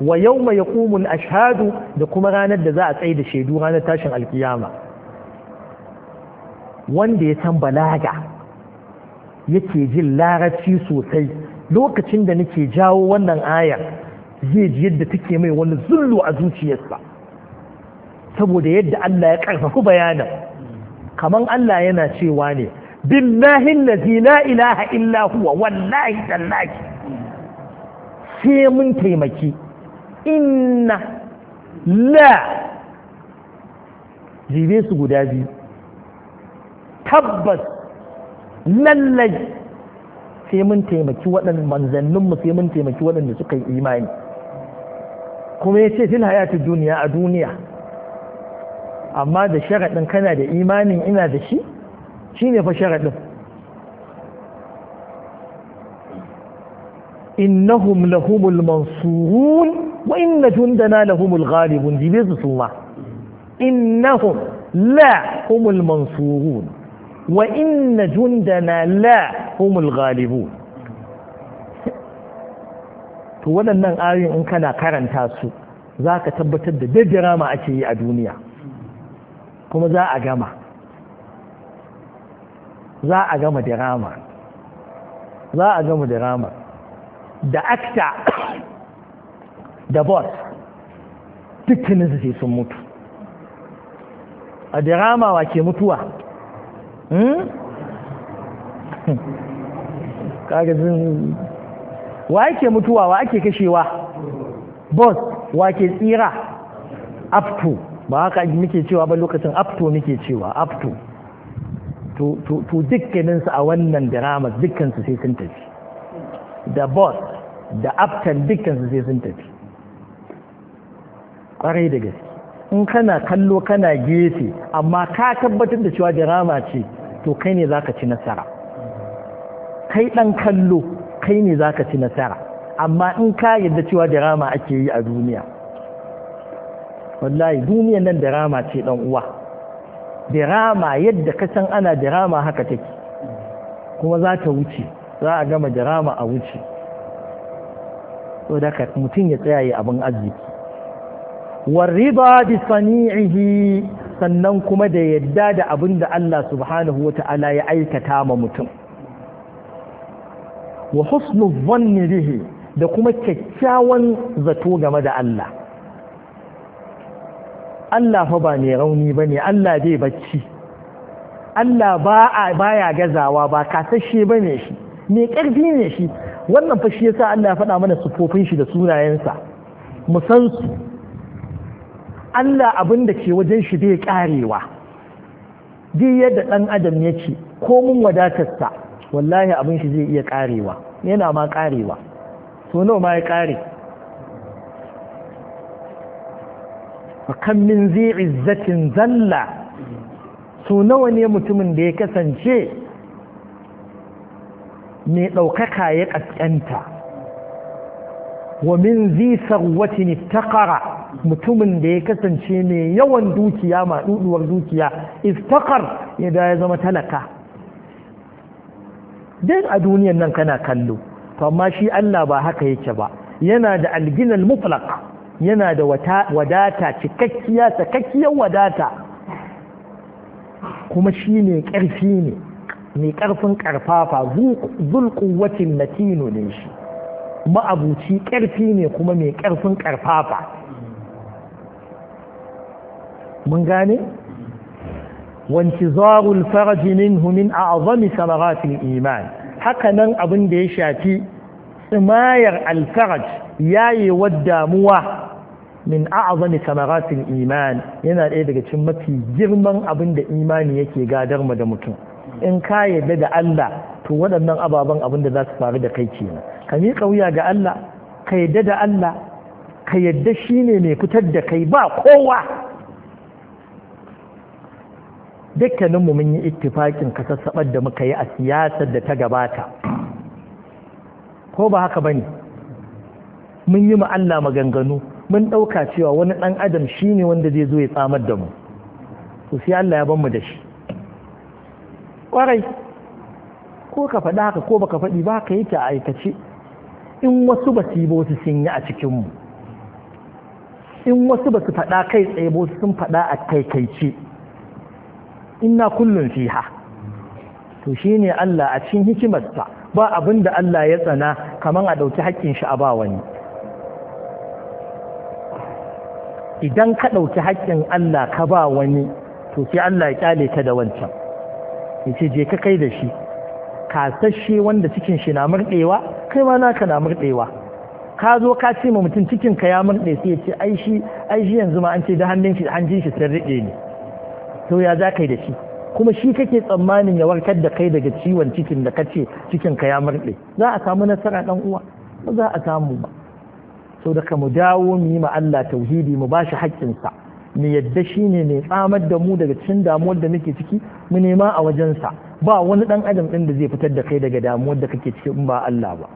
wa yau mai ya kumun ashadu da kuma ranar da za a tsaye da shaidu ranar tashin alkiyama wanda ya san balaga yake jin larabci sosai lokacin da nake jawo wannan ayar zai ji yadda take mai wani zullu a zuciyarsa saboda yadda Allah ya ƙarfafi bayanin kaman Allah yana cewa ne billahi na la ilaha illa huwa wallahi tallaki sai mun taimaki inna la jibe su guda biyu tabbas lallai sai mun taimaki waɗanda manzanninmu sai mun taimaki waɗanda suka yi imani kuma ya ce fil hayatu duniya a duniya amma da sharaɗin kana da imanin ina da shi shi ne fa sharaɗin innahum lahumul mansurun wa inna jundana lahumul ghalibun jibe su suma innahum la humul mansurun wa inna jundana la humul ghalibun to waɗannan ayoyin in kana karanta su za ka tabbatar da daddara ma ake yi a duniya kuma za a gama za a gama dirama za a gama dirama da akta da bot dukkaninsu ce sun mutu a dirama wa ke mutuwa ƙarfin hmm? wa ke mutuwa wa ake kashewa bot wa ke tsira up to ba haka muke cewa ba lokacin apto muke cewa apto to dukkaninsu a wannan drama dukkansu sai sun tafi da boss da aptan dukkansu sai sun tafi kwarai da gaske in kana kallo kana gefe amma ka tabbatar da cewa drama ce to kai ne zaka ci nasara kai dan kallo kai ne zaka ci nasara amma in ka yadda cewa drama ake yi a duniya wallahi duniyan nan dirama ce dan uwa dirama yadda ka san ana dirama haka take kuma za ta wuce za a gama dirama a wuce saboda ka mutum ya tsaya abin arziki warriba bi sani'ihi sannan kuma da yadda da abin da Allah subhanahu wata'ala ya aikata ma mutum wa husnu dhanni bihi da kuma kyakkyawan zato game da Allah Allah fa ba mai rauni ba ne Allah bai bacci Allah ba ya gazawa ba kasashe ba ne shi mai ƙarfi ne shi wannan fa shi yasa Allah ya faɗa mana sufofin shi da sunayensa mu san su Allah abin da ke wajen shi bai ƙarewa duk yadda ɗan adam ce, ko mun wadatarsa wallahi abin shi zai iya ƙarewa yana ma ƙarewa to nawa ma ya ƙare fa kan min zai izzatin zalla su nawa ne mutumin da ya kasance mai ɗaukaka ya ƙasƙanta wa min zai sarwatin iftakara mutumin da ya kasance mai yawan dukiya maɗuɗuwar dukiya iftakar ya da ya zama talaka don a duniyan nan kana kallo amma shi Allah ba haka yake ba yana da alginal mutlaq yana da wadata cikakkiya sakakkiyar wadata kuma shi ne ƙarfi ne mai ƙarfin ƙarfafa zulƙuwacin latino ne shi ma'abuci ƙarfi ne kuma mai ƙarfin ƙarfafa mun gane zarul faraji minhu min a'zami samaratil iman haka nan abin da ya shafi tsimayar alfaraj yayewar damuwa min a'azami samaratin iman yana ɗaya daga cikin mafi girman abin da imani yake gadar mu da mutum in ka yarda da Allah to waɗannan ababen abin da za su faru da kai kenan ka miƙa wuya ga Allah ka yarda da Allah ka yarda shine mai fitar da kai ba kowa mu mun yi ittifaƙin kasassaɓar da muka yi a siyasar da ta gabata ko ba haka bane mun yi Allah maganganu mun ɗauka cewa wani ɗan adam shi ne wanda zai zo ya tsamar da mu to sai Allah ya mu da shi ƙwarai ko ka faɗi haka ko baka faɗi ba ka yake a aikace in wasu ba su yi ba wasu sun yi a cikinmu in wasu ba su faɗa kai tsaye ba wasu sun faɗa a kaikaice inna kullum fiha to shine Allah a cikin hikimarsa ba abin da Allah ya tsana kamar a ɗauki haƙƙin shi a ba wani idan ka ɗauki haƙƙin Allah ka ba wani to sai Allah ya kyale ka da wancan ya je ka kai da shi kasashe wanda cikin shi na murɗewa kai ma naka na murɗewa ka zo ka ce ma mutum cikin ka ya murɗe sai yace ai shi ai shi yanzu ma an ce da hannun shi hanjin shi sun riɗe ne to ya za kai da shi kuma shi kake tsammanin ya warkar da kai daga ciwon cikin da kace cikin ka ya murɗe za a samu nasara ɗan uwa ba za a samu ba so ka mu dawo mu yi Allah tauhidi mu bashi haƙƙinsa mu yadda shi ne mai tsamar da mu daga cikin damuwar da muke ciki mu nema a wajensa ba wani ɗan adam ɗin da zai fitar da kai daga damuwar da kake ciki in ba Allah ba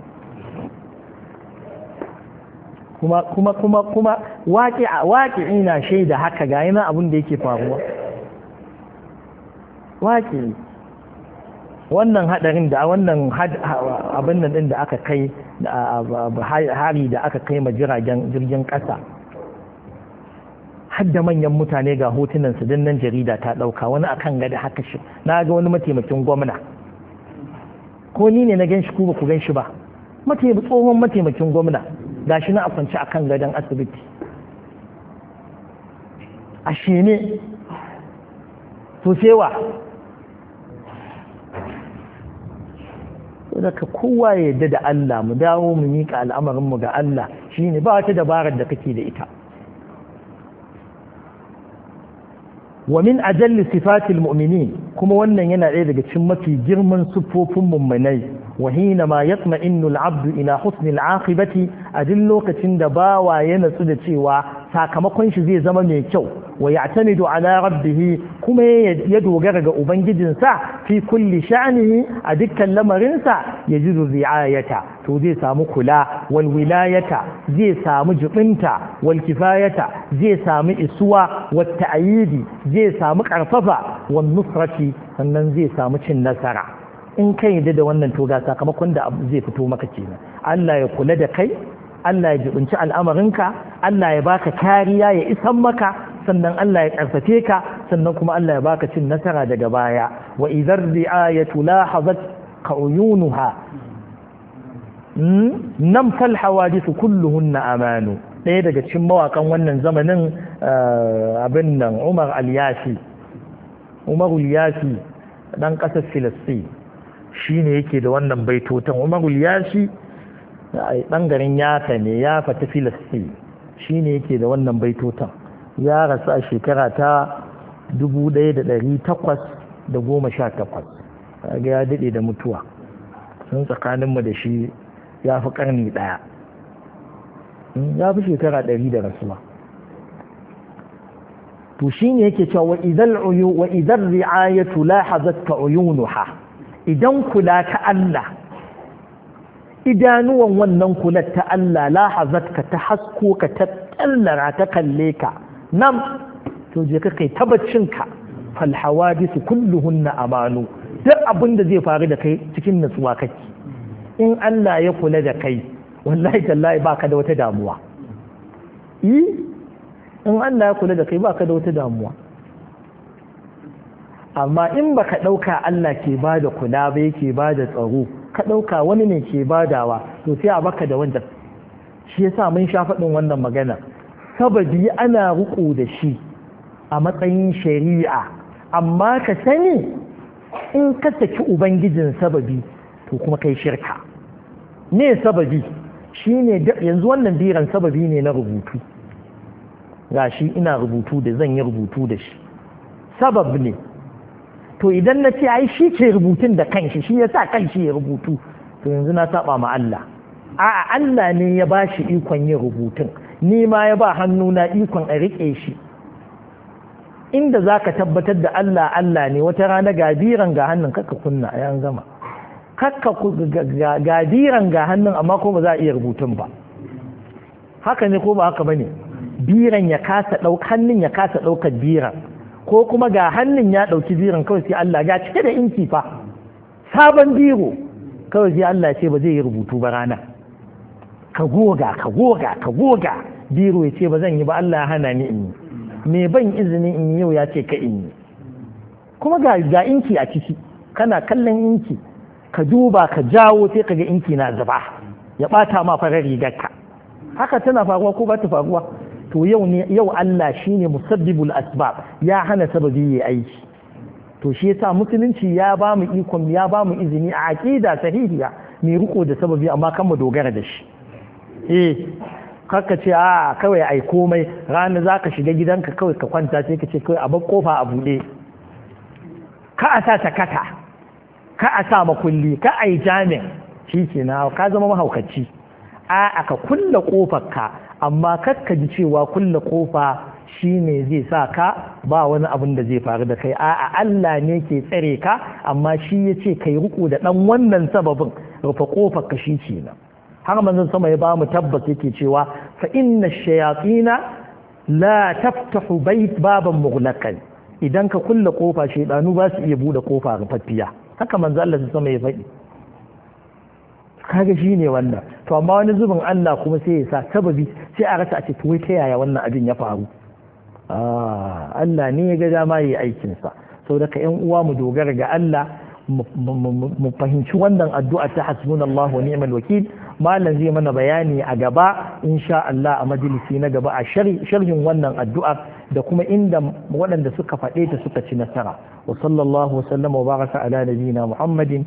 kuma kuma kuma kuma waƙi'i na shaida haka ga yana abin da yake faruwa waƙi wannan hadarin da wannan abin nan din da aka kai hari da aka kai ma jiragen jirgin kasa hadda manyan mutane ga hotunan su din nan jarida ta dauka wani akan gada haka shi na ga wani mataimakin gwamna ko ni ne na gan shi ko ba ku gan shi ba tsohon mataimakin gwamna gashi na a kwance akan gadon asibiti a shene to sai ka kowa ya yarda da Allah mu dawo mu miƙa al'amarinmu ga Allah shine ba wata dabarar da kake da ita wa min ajalli sifatil mu'minin kuma wannan yana ɗaya daga cikin mafi girman siffofin mummunai Wahina وحينما يطمئن العبد إلى حسن العاقبة أجل لوكتين دباوا da cewa sakamakon shi zai zama mai kyau a ya'tamidu ala rabbihi kuma ya dogara ga ubangijinsa fi kulli sha'nihi a dukkan lamarinsa ya ji riayata to zai samu kula wal wilayata zai samu jibinta wal kifayata zai samu isuwa wat ta'yidi zai samu ƙarfafa wan nusrati sannan zai samu cin nasara in kai yadda da wannan tura sakamakon da abu zai fito maka kenan Allah ya kula da kai Allah ya jibinci al'amarinka Allah ya baka kariya ya isan maka sannan Allah ya karfafe ka sannan kuma Allah ya baka cin nasara daga baya wa idhar ri'ayatu lahazat qawyunuha hmm? nan fal hawadithu kulluhunna amanu ɗaya daga cikin mawakan wannan zamanin eh, abin nan Umar al-Yasi Umar al-Yasi dan ƙasar Filistin shine yake da wannan baitotan ya yashi a garin yata ne ya fata filasti shine yake da wannan baitotan ya rasu a shekara ta 1818 ga ya daɗe da mutuwa sun tsakaninmu da shi ya fi ƙarni ɗaya hmm, ya fi shekara ɗari da rasuwa to shi ne yake cewa wa idan ri'ayatu la hazatta uyunuha idan kula ta Allah idanuwan wannan kular ta Allah lahazat ka ta hasko ka ta tsallara ta kalle ka nan to je ka kai tabbacin ka fal hawadisu kulluhunna amanu duk abin da zai faru da kai cikin natsuwa kake in Allah ya kula da kai wallahi tallahi ka da wata damuwa in Allah ya kula da kai ba ka da wata damuwa amma in ba ka ɗauka Allah ke ba da kula ba yake ba da tsaro ka ɗauka wani ne ke badawa to sai a baka da wanda shi yasa mun sha faɗin wannan magana sababi ana riko da shi a matsayin shari'a amma ka sani in ka saki ubangijin sababi to kuma kai shirka ne sababi shi ne yanzu wannan biran sababi ne na rubutu ga shi ina rubutu da zan yi rubutu da shi sabab ne to idan na ce ai shi ke rubutun da kanshi shi ya sa kanshi ya rubutu to yanzu na saba ma Allah a'a Allah ne ya ba shi ikon yin rubutun ni ma ya ba hannuna ikon a riƙe shi inda za ka tabbatar da Allah Allah ne wata rana gadiran ga hannun kakka kunna a yan gama kakka gabiran ga hannun amma ko ba za a iya rubutun ba haka ne ko ba haka ba biran ya kasa ɗauka, hannun ya kasa ɗaukar biran ko kuma ga hannun ya ɗauki biran kawai sai Allah ga cike da inki fa sabon biro kawai sai Allah ce ba zai yi rubutu ba rana ka goga ka goga ka goga biro ya ce ba zan yi ba Allah ya hana ni in yi me ban izinin in yau ya ce ka in yi kuma ga ga inki a ciki kana kallon inki ka duba ka jawo sai ka ga inki na zuba ya bata ma farar rigarka haka tana faruwa ko ba ta faruwa to yau ne yau Allah shine musabbibul asbab ya hana sababi ya aiki to shi yasa musulunci ya ba mu ikon ya ba mu izini a aqida sahihiya mai riko da sababi amma kan mu dogara da shi eh kaka ce a kawai ai komai rana zaka shiga gidanka kawai ka kwanta sai ka ce kawai a bar kofa a bude ka a sa takata ka a sa makulli ka ai jami'a shi ke ka zama mahaukaci a aka kulle ka amma kakka ji cewa kulle kofa shine zai sa ka ba wani abin da zai faru da kai a'a Allah ne ke tsare ka amma shi ya ce kai riko da ɗan wannan sababin rufe kofar ka shi ce nan har manzon sama ya ba mu tabbas yake cewa fa inna shayatina la taftahu bayt baban mughlaqan idan ka kulle kofa shaydanu ba su iya bude kofa rufaffiya haka manzon Allah sama ya faɗi kaga shi ne wannan to amma wani zubin Allah kuma sai ya sa sababi sai a rasa a ce to ta yaya wannan abin ya faru ah, Allah ne ya ga dama yi aikin sa saboda ka ƴan uwa mu dogara ga Allah mu fahimci wannan addu'a ta hasbunallahu wa ni'mal wakil malam zai mana bayani a gaba insha Allah a majalisi na gaba a sharhin wannan addu'a da kuma inda waɗanda suka faɗe ta suka ci nasara wa sallallahu wa sallama wa baraka ala nabiyina muhammadin